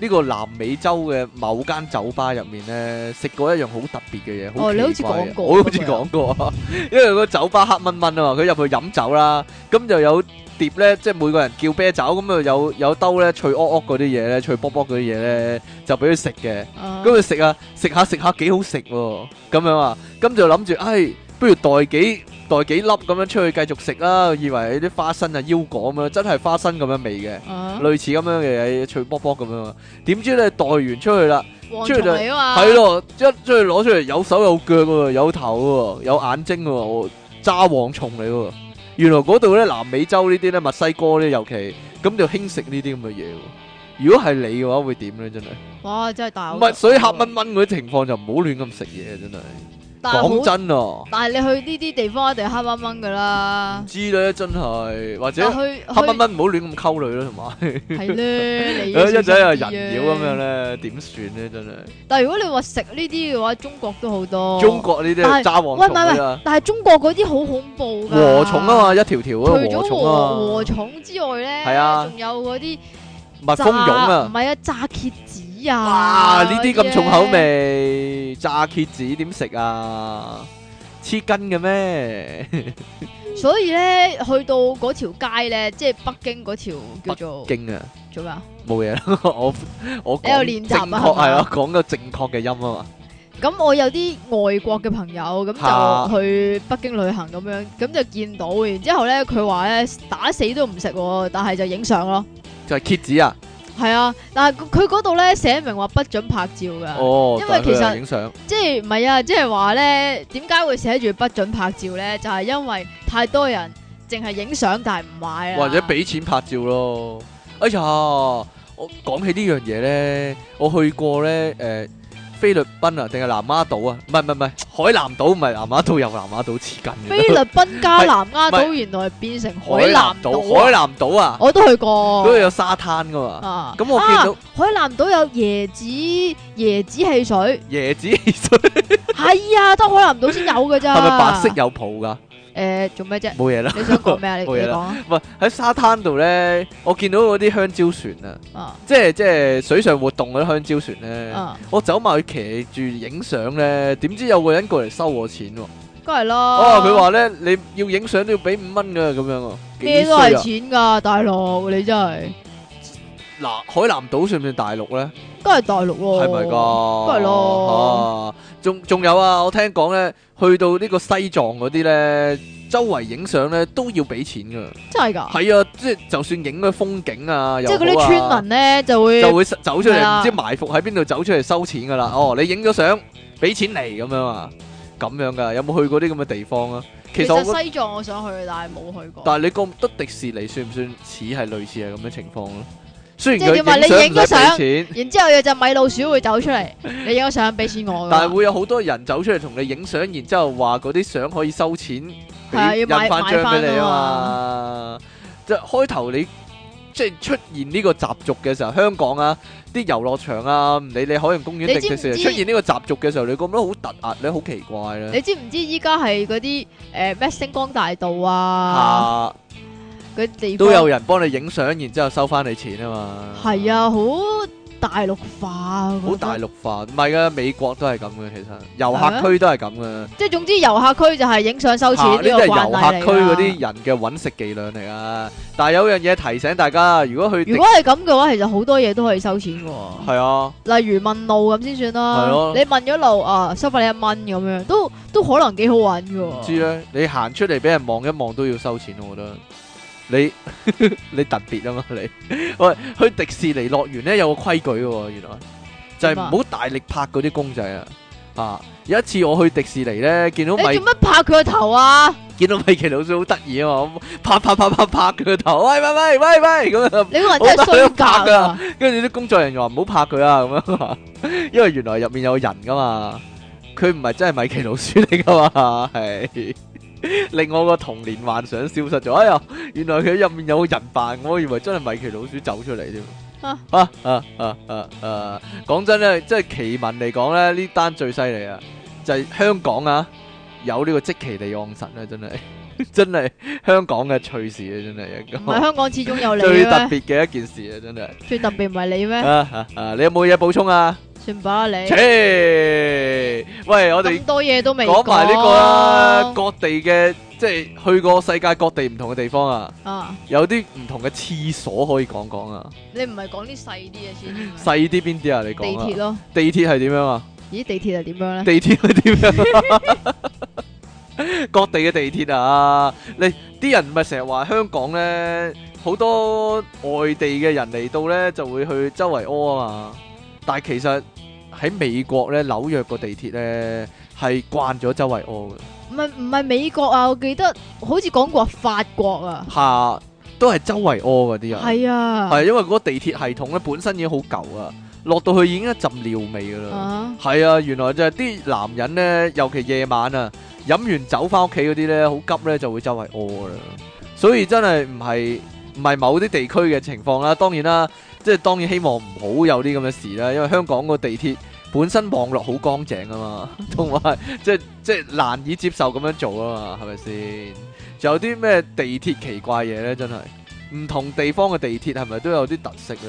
呢個南美洲嘅某間酒吧入面咧食過一樣好特別嘅嘢，哦，你好似講過，我好似講過，個 因為個酒吧黑蚊蚊啊嘛，佢入去飲酒啦，咁就有碟咧，即係每個人叫啤酒咁啊，有有兜咧脆噏噏嗰啲嘢咧，脆卜卜嗰啲嘢咧就俾佢食嘅，咁啊食啊，食下食下幾好食喎，咁樣啊，咁就諗住，哎。不如袋幾袋幾粒咁樣出去繼續食啦，以為啲花生啊腰果咁，啊、樣，真係花生咁樣味嘅，啊、類似咁樣嘅脆卜卜咁樣。點知咧袋完出去啦，王蟲 出蟲嚟啊嘛，係咯，一出去攞出嚟有手有腳喎，啊，有頭喎，啊，有眼睛喎，啊，揸黃蟲嚟喎。原來嗰度咧南美洲呢啲咧墨西哥咧尤其咁就興食呢啲咁嘅嘢。如果係你嘅話會點咧真係？哇，真係大唔係，所以黑蚊蚊嗰啲情況就唔好亂咁食嘢真係。講真哦，但係你去呢啲地方一定黑掹掹噶啦，知咧真係，或者去黑掹掹唔好亂咁溝女啦，同埋係咧，一仔又人妖咁樣咧，點算咧真係？但係如果你話食呢啲嘅話，中國都好多。中國呢啲炸蝗蟲啊！喂喂喂，但係中國嗰啲好恐怖噶，禾蟲啊嘛，一條條啊，除咗禾蟲之外咧，係啊，仲有嗰啲蜜蜂蛹啊，唔係啊，炸蠍子啊，哇，呢啲咁重口味。炸蠍子點食啊？黐筋嘅咩？ 所以咧，去到嗰條街咧，即係北京嗰條叫做京啊。做咩啊？冇嘢。確，我我你有練習係啊？講個正確嘅音啊嘛。咁我有啲外國嘅朋友，咁就去北京旅行咁樣，咁就見到，然之後咧，佢話咧打死都唔食，但係就影相咯。就係蠍子啊！係啊，但係佢嗰度咧寫明話不准拍照噶哦、因為其實影相即係唔係啊，即係話咧點解會寫住不准拍照咧？就係、是、因為太多人淨係影相但係唔買啦，或者俾錢拍照咯。哎呀，我講起呢樣嘢咧，我去過咧誒。呃菲律賓啊，定係南丫島啊？唔係唔係唔係，海南島唔係南丫島由南丫島似近嘅。菲律賓加南丫島，原來變成海南島。海南島啊，我都去過，都有沙灘噶嘛。咁我見到海南島有椰子，椰子汽水，椰子汽水係 啊，得海南島先有噶咋。係咪白色有泡噶？誒，做咩啫？冇嘢啦，你想講咩？你冇嘢啦，你講，唔係喺沙灘度咧，我見到嗰啲香蕉船啊，啊即係即係水上活動嗰啲香蕉船咧，啊、我走埋去騎住影相咧，點知有個人過嚟收我錢喎，啊，梗係咯，哦，佢話咧你要影相都要俾五蚊噶，咁樣啊，咩，啊、都係錢噶，大佬你真係。嗱，海南島算唔算大陸咧？梗係大陸喎，係咪噶？梗係咯。仲仲有啊，我聽講咧，去到呢個西藏嗰啲咧，周圍影相咧都要俾錢噶。真係噶？係啊，即係就算影個風景啊，即係嗰啲村民咧就會就會走出嚟，唔知埋伏喺邊度，走出嚟收錢噶啦。哦，你影咗相，俾錢嚟咁樣啊？咁樣噶，有冇去過啲咁嘅地方啊？其實西藏我想去，但係冇去過。但係你覺得迪士尼算唔算似係類似係咁嘅情況咧？即係要啊？你影個相，然之後有隻米老鼠會走出嚟， 你影個相俾錢我。但係會有好多人走出嚟同你影相，然之後話嗰啲相可以收錢，要買印翻張俾你啊嘛。即係、啊、開頭你即係、就是、出現呢個習俗嘅時候，香港啊，啲遊樂場啊，你你海洋公園，定，知唔知出現呢個習俗嘅時候，你覺得好突兀，你好奇怪啊。你知唔知依家係嗰啲誒咩星光大道啊？啊都有人幫你影相，然之後收翻你錢啊嘛！係啊，好、嗯、大陸化，化，好大陸化，唔係噶，美國都係咁嘅。其實遊客區都係咁嘅。即係、啊、總之遊客區就係影相收錢呢個慣例係遊客區嗰啲人嘅揾食伎倆嚟啊！個的的但係有樣嘢提醒大家，如果去如果係咁嘅話，其實好多嘢都可以收錢噶。係哇、嗯、啊，例如問路咁先算啦。係咯、啊，你問咗路啊，收翻你一蚊咁樣，都都可能幾好玩噶。唔知啊，你行出嚟俾人望一望都要收錢，我覺得。你， 你特別啊嘛，你喂， 去迪士尼樂園咧有個規矩喎，原來就係唔好大力拍嗰啲公仔啊嚇。有一次我去迪士尼咧，見到米，做乜拍佢個頭啊？見到米奇老鼠好得意啊嘛，拍拍拍拍拍，佢個頭喂喂喂喂喂，咁樣你話真係性格啊。跟住啲工作人員話唔好拍佢啊，咁樣話，因為原來入面有人噶嘛，佢唔係真係米奇老鼠嚟噶嘛係。 令我個童年幻想消失咗，哎呀，原來佢入面有人扮，我以為真係米奇老鼠走出嚟添、啊啊。啊啊啊啊啊！講、啊啊、真咧，即係奇聞嚟講咧，呢單最犀利啊，就係、是、香港啊，有呢個即奇地降神積淇離岸神咧，真係 真係香港嘅趣事啊，真係香港始終有你 最特別嘅一件事啊，真係。最特別唔係你咩？你有冇嘢補充啊？你，喂，我哋咁多嘢都未講，講埋呢個啦，各地嘅，即係去過世界各地唔同嘅地方啊，啊有啲唔同嘅廁所可以講講啊，啊。你唔係講啲細啲嘅先，細啲邊啲啊？你講啊，地鐵咯，地鐵係點樣啊？咦，地鐵係點樣咧？地鐵係點樣？各地嘅地鐵啊，你啲人唔係成日話香港咧，好多外地嘅人嚟到咧就會去周圍屙啊嘛，但係其實。喺美國咧紐約個地鐵咧係慣咗周圍屙嘅，唔係唔係美國啊！我記得好似講過法國啊，嚇，啊，都係周圍屙嗰啲人，係啊，係因為個地鐵系統咧本身已經好舊啊，落到去已經一陣尿味㗎喇，係啊，啊，原來就係啲男人咧，尤其夜晚啊，飲完酒翻屋企嗰啲咧，好急咧就會周圍屙㗎喇，所以真係唔係唔係某啲地區嘅情況啦，當然啦，即係當然希望唔好有啲咁嘅事啦，因為香港個地鐵。本身網絡好乾淨啊嘛，同埋即係即係難以接受咁樣做啊嘛，係咪先？仲有啲咩地鐵奇怪嘢呢？真係唔同地方嘅地鐵係咪都有啲特色呢？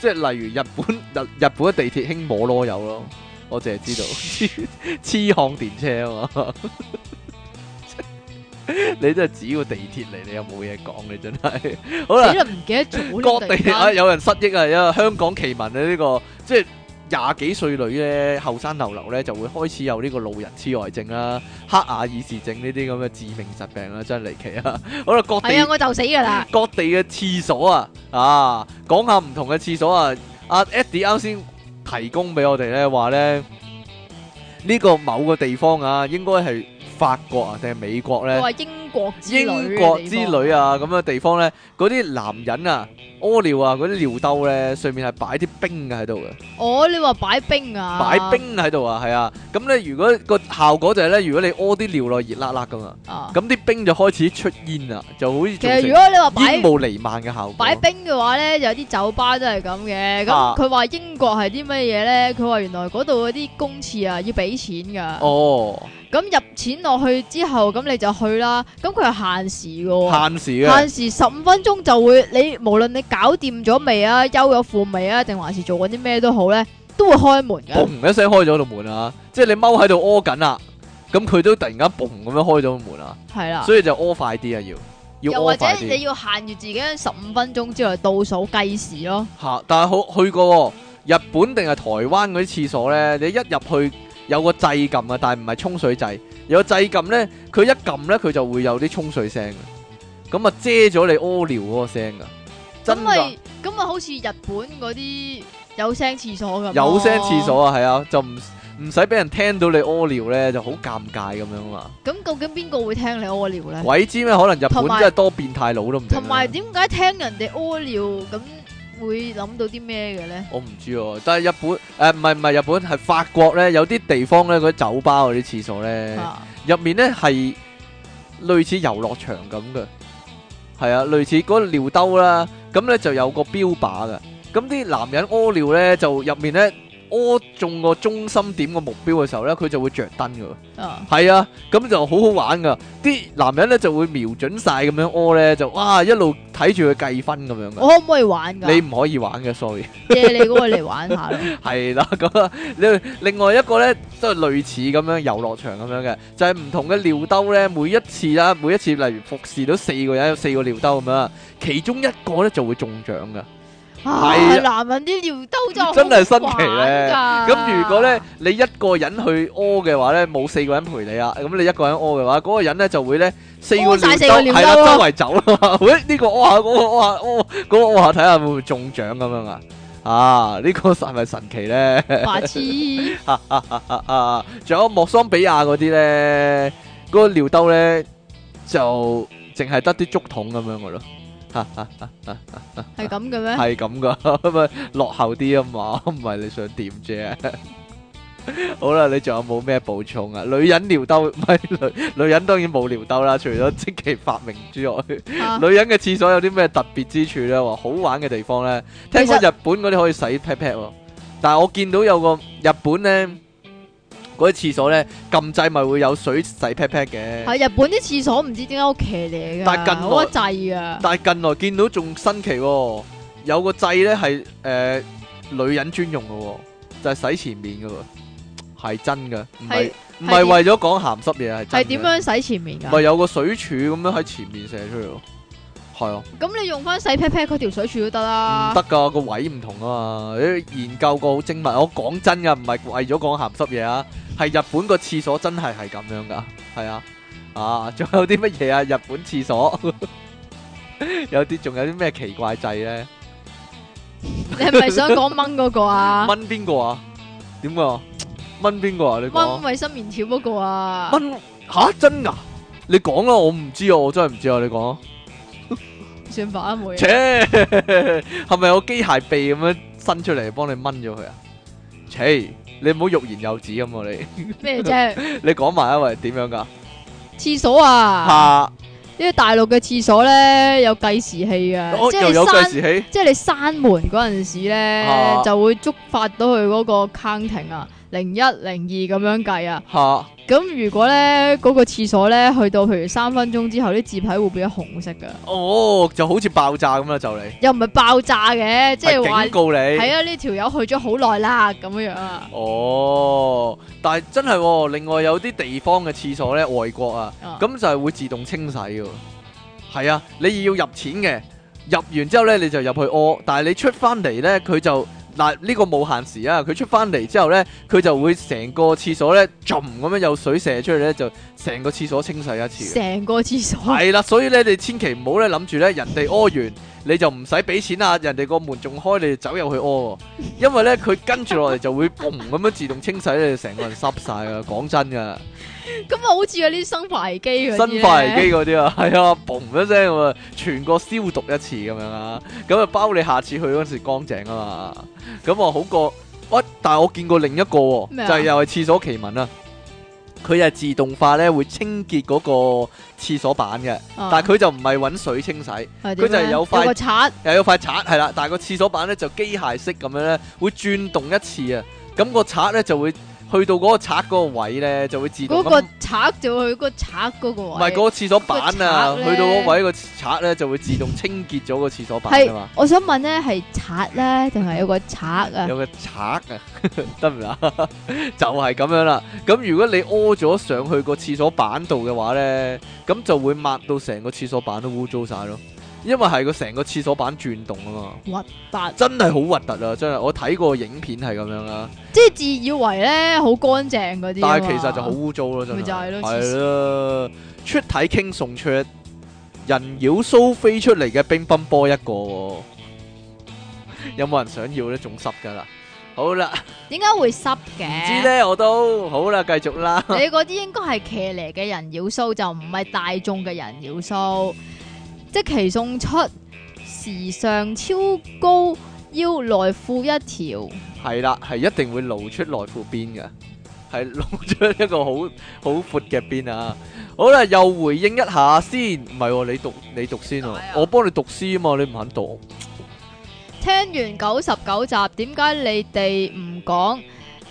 真係，即係例如日本日日本嘅地鐵興摸囉柚咯，我淨係知道痴漢 電車啊嘛。 你都係指個地鐵嚟，你又冇嘢講，你真係好啦。唔記得咗 各地 啊，有人失憶啊，因為香港奇聞啊，這個、呢個即係廿幾歲女咧，後生流流咧就會開始有呢個老人痴呆症啦、黑眼耳屎症呢啲咁嘅致命疾病啦，真係離奇啊！啊 好啦，各地係啊，我就死噶啦。各地嘅廁所啊，啊，講下唔同嘅廁所啊，阿 Eddie 啱先提供俾我哋咧，話咧呢、這個某個地方啊，應該係。法國啊，定係美國咧？我話英國，英國之旅啊，咁嘅地方咧，嗰啲男人啊，屙尿啊，嗰啲尿兜咧，上面係擺啲冰嘅喺度嘅。哦，你話擺冰啊？擺冰喺度啊，係啊。咁咧，如果個效果就係咧，如果你屙啲尿落，熱辣辣噶嘛。啊。咁啲冰就開始出煙啦，就好似。其實如果你話擺煙霧彌漫嘅效果。擺冰嘅話咧，有啲酒吧都係咁嘅。啊。咁佢話英國係啲乜嘢咧？佢話原來嗰度嗰啲公廁啊，要俾錢噶。哦。咁入錢落去之後，咁你就去啦。咁佢係限時嘅，限時嘅，限時十五分鐘就會。你無論你搞掂咗未啊，休咗褲未啊，定還是做緊啲咩都好咧，都會開門嘅。嘣一聲開咗度門啊！即係你踎喺度屙緊啦，咁佢都突然間嘣咁樣開咗門啊！係啦，所以就屙快啲啊！要要，又或者你要限住自己十五分鐘之內倒數計時咯。吓，但係去去過日本定係台灣嗰啲廁所咧，你一入去。有個掣撳啊，但係唔係沖水掣。有個掣撳咧，佢一撳咧，佢就會有啲沖水聲嘅。咁啊遮咗你屙尿嗰個聲啊，真係咁啊好似日本嗰啲有聲廁所咁啊。有聲廁所啊，係啊，就唔唔使俾人聽到你屙尿咧，就好尷尬咁樣啊嘛。咁究竟邊個會聽你屙尿咧？鬼知咩？可能日本真係有多變態佬都唔知。同埋點解聽人哋屙尿咁？會諗到啲咩嘅咧？我唔知哦，但係日本誒，唔係唔係日本，係法國咧，有啲地方咧，嗰啲酒吧，嗰啲廁所咧，入面咧係類似遊樂場咁嘅，係啊，類似嗰個尿兜啦，咁咧就有個標靶嘅，咁啲男人屙尿咧就入面咧。屙中個中心點個目標嘅時候呢，佢就會着燈噶。Uh. 啊，係啊，咁就好好玩噶。啲男人呢就會瞄準晒咁樣屙呢，就哇一路睇住佢計分咁樣。我可唔可以玩噶？你唔可以玩嘅，sorry。借你嗰個嚟玩下咯。係啦、 啊、咁、那、啊、個，另外一個呢，都係類似咁樣遊樂場咁樣嘅，就係、是、唔同嘅尿兜呢。每一次啦，每一次例如服侍到四個人，有四個尿兜咁樣，其中一個呢就會中獎噶。係，男人啲尿兜就真係新奇咧。咁如果咧你一個人去屙嘅話咧，冇四個人陪你啊。咁你一個人屙嘅話，嗰個人咧就會咧，四個尿兜係啦，周圍走啦。喂，呢個屙下，嗰個屙下，屙嗰個屙下，睇下會唔會中獎咁樣啊？啊，呢個係咪神奇咧？白痴。啊仲有莫桑比亞嗰啲咧，嗰個尿兜咧就淨係得啲竹筒咁樣噶咯。係咁嘅咩？係咁噶，咁啊落後啲啊嘛，唔係你想點啫？好啦，你仲有冇咩補充啊？女人尿兜，唔係女女人當然冇尿兜啦，除咗積淇發明之外，女人嘅廁所有啲咩特別之處咧？好玩嘅地方咧？聽講日本嗰啲可以洗 pat pat，但係我見到有個日本咧。嗰啲廁所咧撳掣咪會有水洗 pat 嘅，係日本啲廁所唔知點解好騎嚟嘅，好得滯啊！但係近來見到仲新奇喎、哦，有個掣咧係誒女人專用嘅、哦，就係、係、洗前面嘅喎，係真嘅，唔係唔係為咗講鹹濕嘢係。係點樣,樣洗前面㗎？咪有個水柱咁樣喺前面射出嚟咯，係啊！咁你用翻洗 pat pat 嗰條水柱都得啦，唔得㗎個位唔同啊嘛、欸！研究過好精密，我講真嘅唔係為咗講鹹濕嘢啊！係日本個廁所真係係咁樣噶，係啊，啊，仲有啲乜嘢啊？日本廁所有啲仲有啲咩奇怪掣咧？你係咪想講掹嗰個啊？掹邊個啊？點啊？掹邊個啊？你講？掹衛生棉條嗰個啊？掹吓真噶？你講啊，我唔知啊，我真係唔知啊，你講。小白妹，切，係咪有機械臂咁樣伸出嚟幫你掹咗佢啊？切。你唔好欲言又止咁喎你。咩啫？你講埋啊喂，點樣噶？廁所啊！嚇、啊！因為大陸嘅廁所咧有計時器啊，即係閂，即係你閂門嗰陣時咧、啊、就會觸發到佢嗰個 counting 啊。零一零二咁樣計啊，吓咁，哈如果呢嗰個廁所呢，去到譬如三分鐘之後，啲字體會變咗紅色噶，哦，就好似爆炸咁啦，啊，就嚟，又唔係爆炸嘅，即係警告你，係啊，呢條友去咗好耐啦咁樣啊，哦，但係真係，哦，另外有啲地方嘅廁所呢，外國啊，咁，哦，就係會自動清洗噶，係啊，你要入錢嘅，入完之後呢，你就入去屙，但係你出翻嚟呢，佢就。嗱呢個冇限時啊！佢出翻嚟之後呢，佢就會成個廁所呢，濛咁樣有水射出去呢，就成個廁所清洗一次。成個廁所係啦，所以呢，你千祈唔好呢諗住呢，人哋屙完你就唔使俾錢啦！人哋個門仲開，你走入去屙，因為呢，佢跟住落嚟就會嘣咁 樣自動清洗你成個人濕晒啊！講真噶～咁啊，好似有啲生化危機嗰啲，生化危機嗰啲啊，係啊，嘣一聲咁啊，全個消毒一次咁樣啊，咁啊包你下次去嗰時乾淨啊嘛，咁啊好過，喂，但係我見過另一個，啊、就係又係廁所奇聞啊。佢係自動化咧會清潔嗰個廁所板嘅，啊、但係佢就唔係搵水清洗，佢就係有塊又有塊刷，係啦，但係個廁所板咧就機械式咁樣咧會轉動一次啊，咁、咁個刷咧就會。去到嗰個擦嗰個位咧，就會自動嗰個擦就會去個擦嗰、嗰個位。唔係嗰個廁所板啊，去到嗰位、嗰個擦咧就會自動清潔咗個廁所板啊是嗎我想問咧，係擦咧定係有個擦啊？有個擦啊，得唔得？就係咁樣啦。咁如果你屙咗上去個廁所板度嘅話咧，咁就會抹到成個廁所板都污糟晒咯。因為係個成個廁所板轉動啊嘛，核突真係好核突啊！真係我睇過影片係咁樣啊，即係自以為咧好乾淨嗰啲，但係其實就好污糟咯，真係係咯，出體 king 送出人妖蘇飛出嚟嘅乒乓波一個，有冇人想要咧？仲濕噶啦，好啦，點解會濕嘅？唔知咧，我都好啦，繼續啦。你嗰啲應該係騎呢嘅人妖蘇，就唔係大眾嘅人妖蘇。即期送出時尚超高腰內褲一條，係啦，係一定會露出內褲邊嘅，係露出一個好好闊嘅邊啊！好啦，又回應一下先，唔係、啊、你讀你讀先、啊，哎、呀我幫你讀書啊嘛，你唔肯讀。聽完九十九集，點解你哋唔講？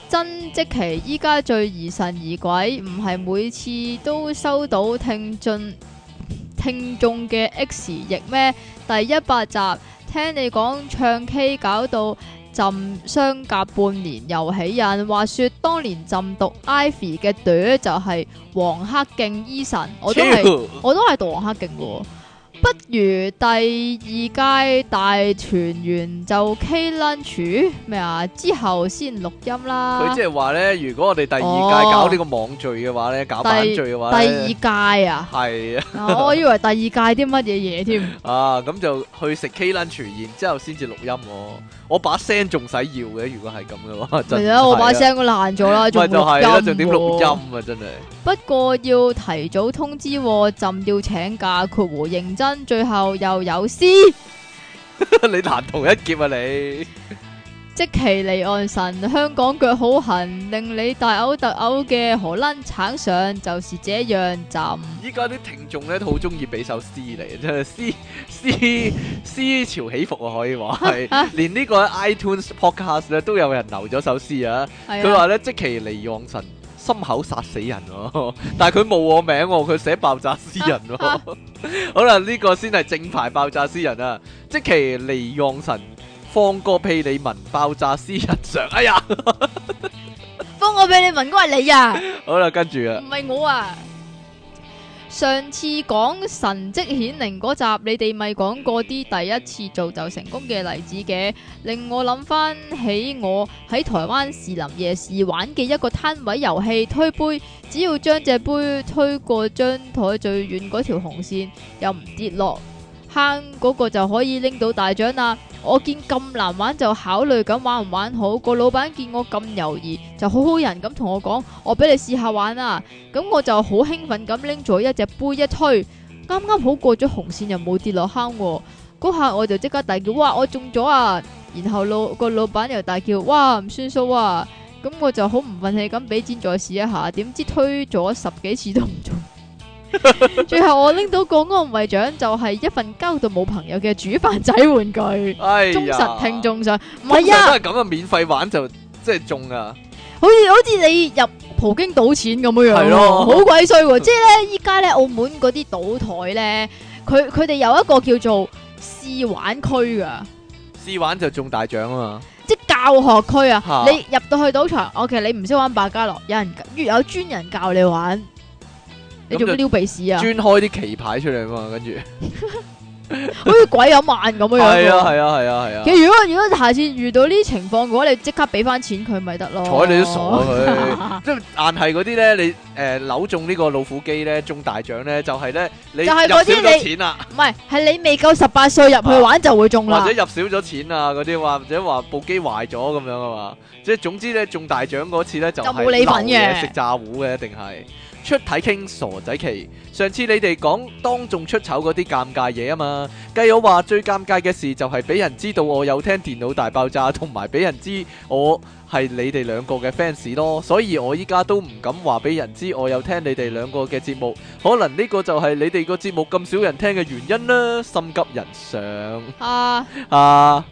真即期，依家最疑神疑鬼，唔係每次都收到聽進。聽眾嘅 X 翼咩？第一百集聽你講唱 K 搞到浸相隔半年又起癮，話說當年浸讀 ivy 嘅朵就係黃克勁 Eason，我都係我都係讀黃克勁噶。.不如第二屆大團員就 K lunch 咩啊？之後先錄音啦。佢即係話咧，如果我哋第二屆搞呢個網聚嘅話咧，哦、搞班聚嘅話第，第二屆啊，係是啊， 啊，我以為第二屆啲乜嘢嘢添啊，咁就去食 K lunch，然之後先至錄音。我把聲仲使要嘅，如果係咁嘅話，係啊，是啊我把聲都爛咗啦，仲點錄音啊？真係。不過要提早通知，朕要請假，括弧認真，最後又有詩， 你難同一劫啊你。即淇離岸神，香港腳好痕，令你大嘔特嘔嘅荷蘭橙上，就是這樣站。依家啲聽眾咧都好中意俾首詩嚟，真係詩詩詩潮起伏啊，可以話係。 連呢個 iTunes podcast 咧都有人留咗首詩啊。佢話咧，即淇離岸神，心口殺死人、哦。但係佢冇我名、哦，佢寫爆炸詩人、哦。 好啦，呢個先係正牌爆炸詩人啊！即淇離岸神。放個屁你聞，你聞爆炸師日常。哎呀， 放個屁你聞你、啊，你聞哥係你呀？好啦，跟住啊，唔係我啊。上次講神迹顯靈嗰集，你哋咪講過啲第一次做就成功嘅例子嘅，令我諗翻起我喺台灣士林夜市玩嘅一個攤位遊戲推杯，只要將隻杯推過張台最遠嗰條紅線，又唔跌落坑嗰個就可以拎到大獎啦！我見咁難玩就考慮緊玩唔玩好。個老闆見我咁猶豫，就好好人咁同我講：我俾你試下玩啦、啊！咁我就好興奮咁拎咗一隻杯一推，啱啱好過咗紅線又冇跌落坑。嗰下我就即刻大叫：哇！我中咗啊！然後老個老闆又大叫：哇！唔算數啊！咁我就好唔忿氣咁俾錢再試一下，點知推咗十幾次都唔中。 最後我拎到個安慰獎就係一份交到冇朋友嘅煮飯仔玩具，哎、呀忠實聽眾獎。唔係啊，都係咁啊，免費玩就即係中啊，好似好似你入葡京賭錢咁樣樣係咯，好鬼衰。即係咧，依家咧澳門嗰啲賭台咧，佢佢哋有一個叫做試玩區噶，試玩就中大獎啊嘛，即係教學區啊。哈你入到去賭場，我其實你唔識玩百家樂，有人越有專人教你玩。你做咩撩鼻屎啊？專開啲棋牌出嚟嘛，跟住好似鬼有慢咁樣。係啊，係啊，係啊，係啊！其實如果如果下次遇到呢啲情況嘅話，你即刻俾翻錢佢咪得咯？睬你都傻佢！即係硬係嗰啲咧，你誒、呃、扭中呢個老虎機咧中大獎咧，就係、是、咧你，就你入少咗錢啊！唔 係，係你未夠十八歲入去玩就會中啦。 或者入少咗錢啊，嗰啲或者話部機壞咗咁樣啊嘛。即、就、係、是、總之咧中大獎嗰次咧就冇你份嘅，食炸糊嘅一定係。出體傾傻仔期，上次你哋講當眾出醜嗰啲尷尬嘢啊嘛，繼友話最尷尬嘅事就係俾人知道我有聽《電腦大爆炸》同埋俾人知我係你哋兩個嘅 fans 咯，所以我依家都唔敢話俾人知我有聽你哋兩個嘅節目，可能呢個就係你哋個節目咁少人聽嘅原因啦，心急人上啊啊！啊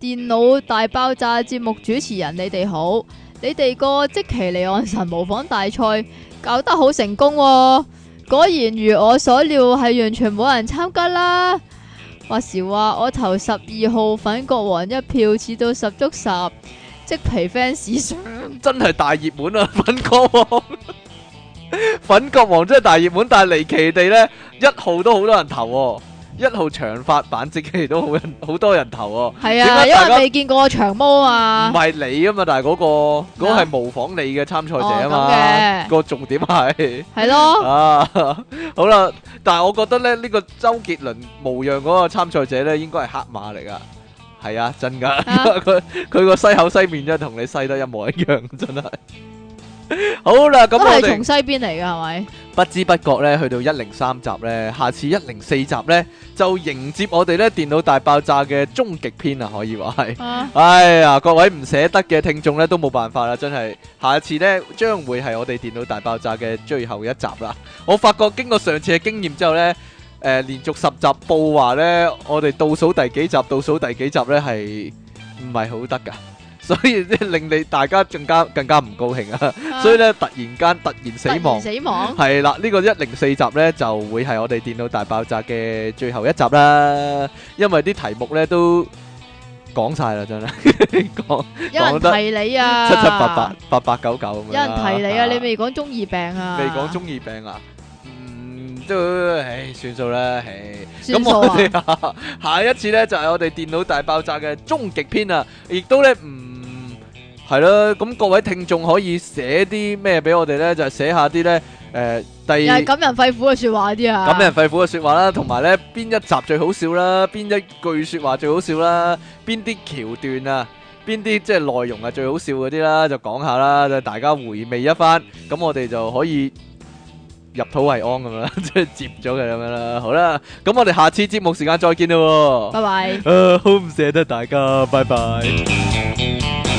《電腦大爆炸》節目主持人，你哋好。你哋個積淇離岸神模仿大賽搞得好成功，啊，果然如我所料係完全冇人參加啦。話時話我投十二號粉國王一票，似到十足十積淇 fans 上，真係大熱門啊！粉國王 粉國王真係大熱門，但係離奇地呢，一號都好多人投，啊。一號長髮版自己都好好多人投喎、哦，係啊，為因為未見過長毛啊。唔係你啊嘛，但係嗰、那個嗰係麼模仿你嘅參賽者啊嘛，哦、個重點係係咯，啊好啦，但係我覺得咧呢、這個周杰倫模樣嗰個參賽者咧，應該係黑馬嚟噶，係啊真噶，佢佢、啊、 個西口西面真係同你西得一模一樣，真係。 好啦，咁係從西邊嚟㗎係咪？不知不覺呢，去到一零三集呢，下次一零四集呢，就迎接我哋呢電腦大爆炸嘅終極篇啊！可以話係，啊、哎呀，各位唔捨得嘅聽眾呢，都冇辦法啦，真係。下次呢，將會係我哋電腦大爆炸嘅最後一集啦。我發覺經過上次嘅經驗之後呢，誒、呃，連續十集報話呢，我哋倒數第幾集，倒數第幾集呢，係唔係好得噶？所以即係令你大家更加更加唔高興啊！所以咧，突然間突然死亡，係啦，呢個一零四集咧，就會係我哋電腦大爆炸嘅最後一集啦。因為啲題目咧，都講晒啦，真係講講得七七八八八八九九咁樣。有人提你啊？七七八八八八九九咁樣。有人提你啊？你未講中二病啊？未講中二病啊？嗯，都唉算數啦，唉。咁我哋下一次咧就係我哋電腦大爆炸嘅終極篇啊！亦都咧唔。係咯，咁各位聽眾可以寫啲咩俾我哋呢？就寫、是、下啲呢，誒、呃，第感人肺腑嘅說話啲啊！感人肺腑嘅說話啦，同埋呢邊一集最好笑啦，邊一句說話最好笑啦，邊啲橋段啊，邊啲即係內容啊最好笑嗰啲啦，就講下啦，就大家回味一番。咁我哋就可以入土為安咁樣啦，即 係接咗佢咁樣啦。好啦，咁我哋下次節目時間再見啦，拜拜 Bye bye.、呃。好唔捨得大家，拜拜。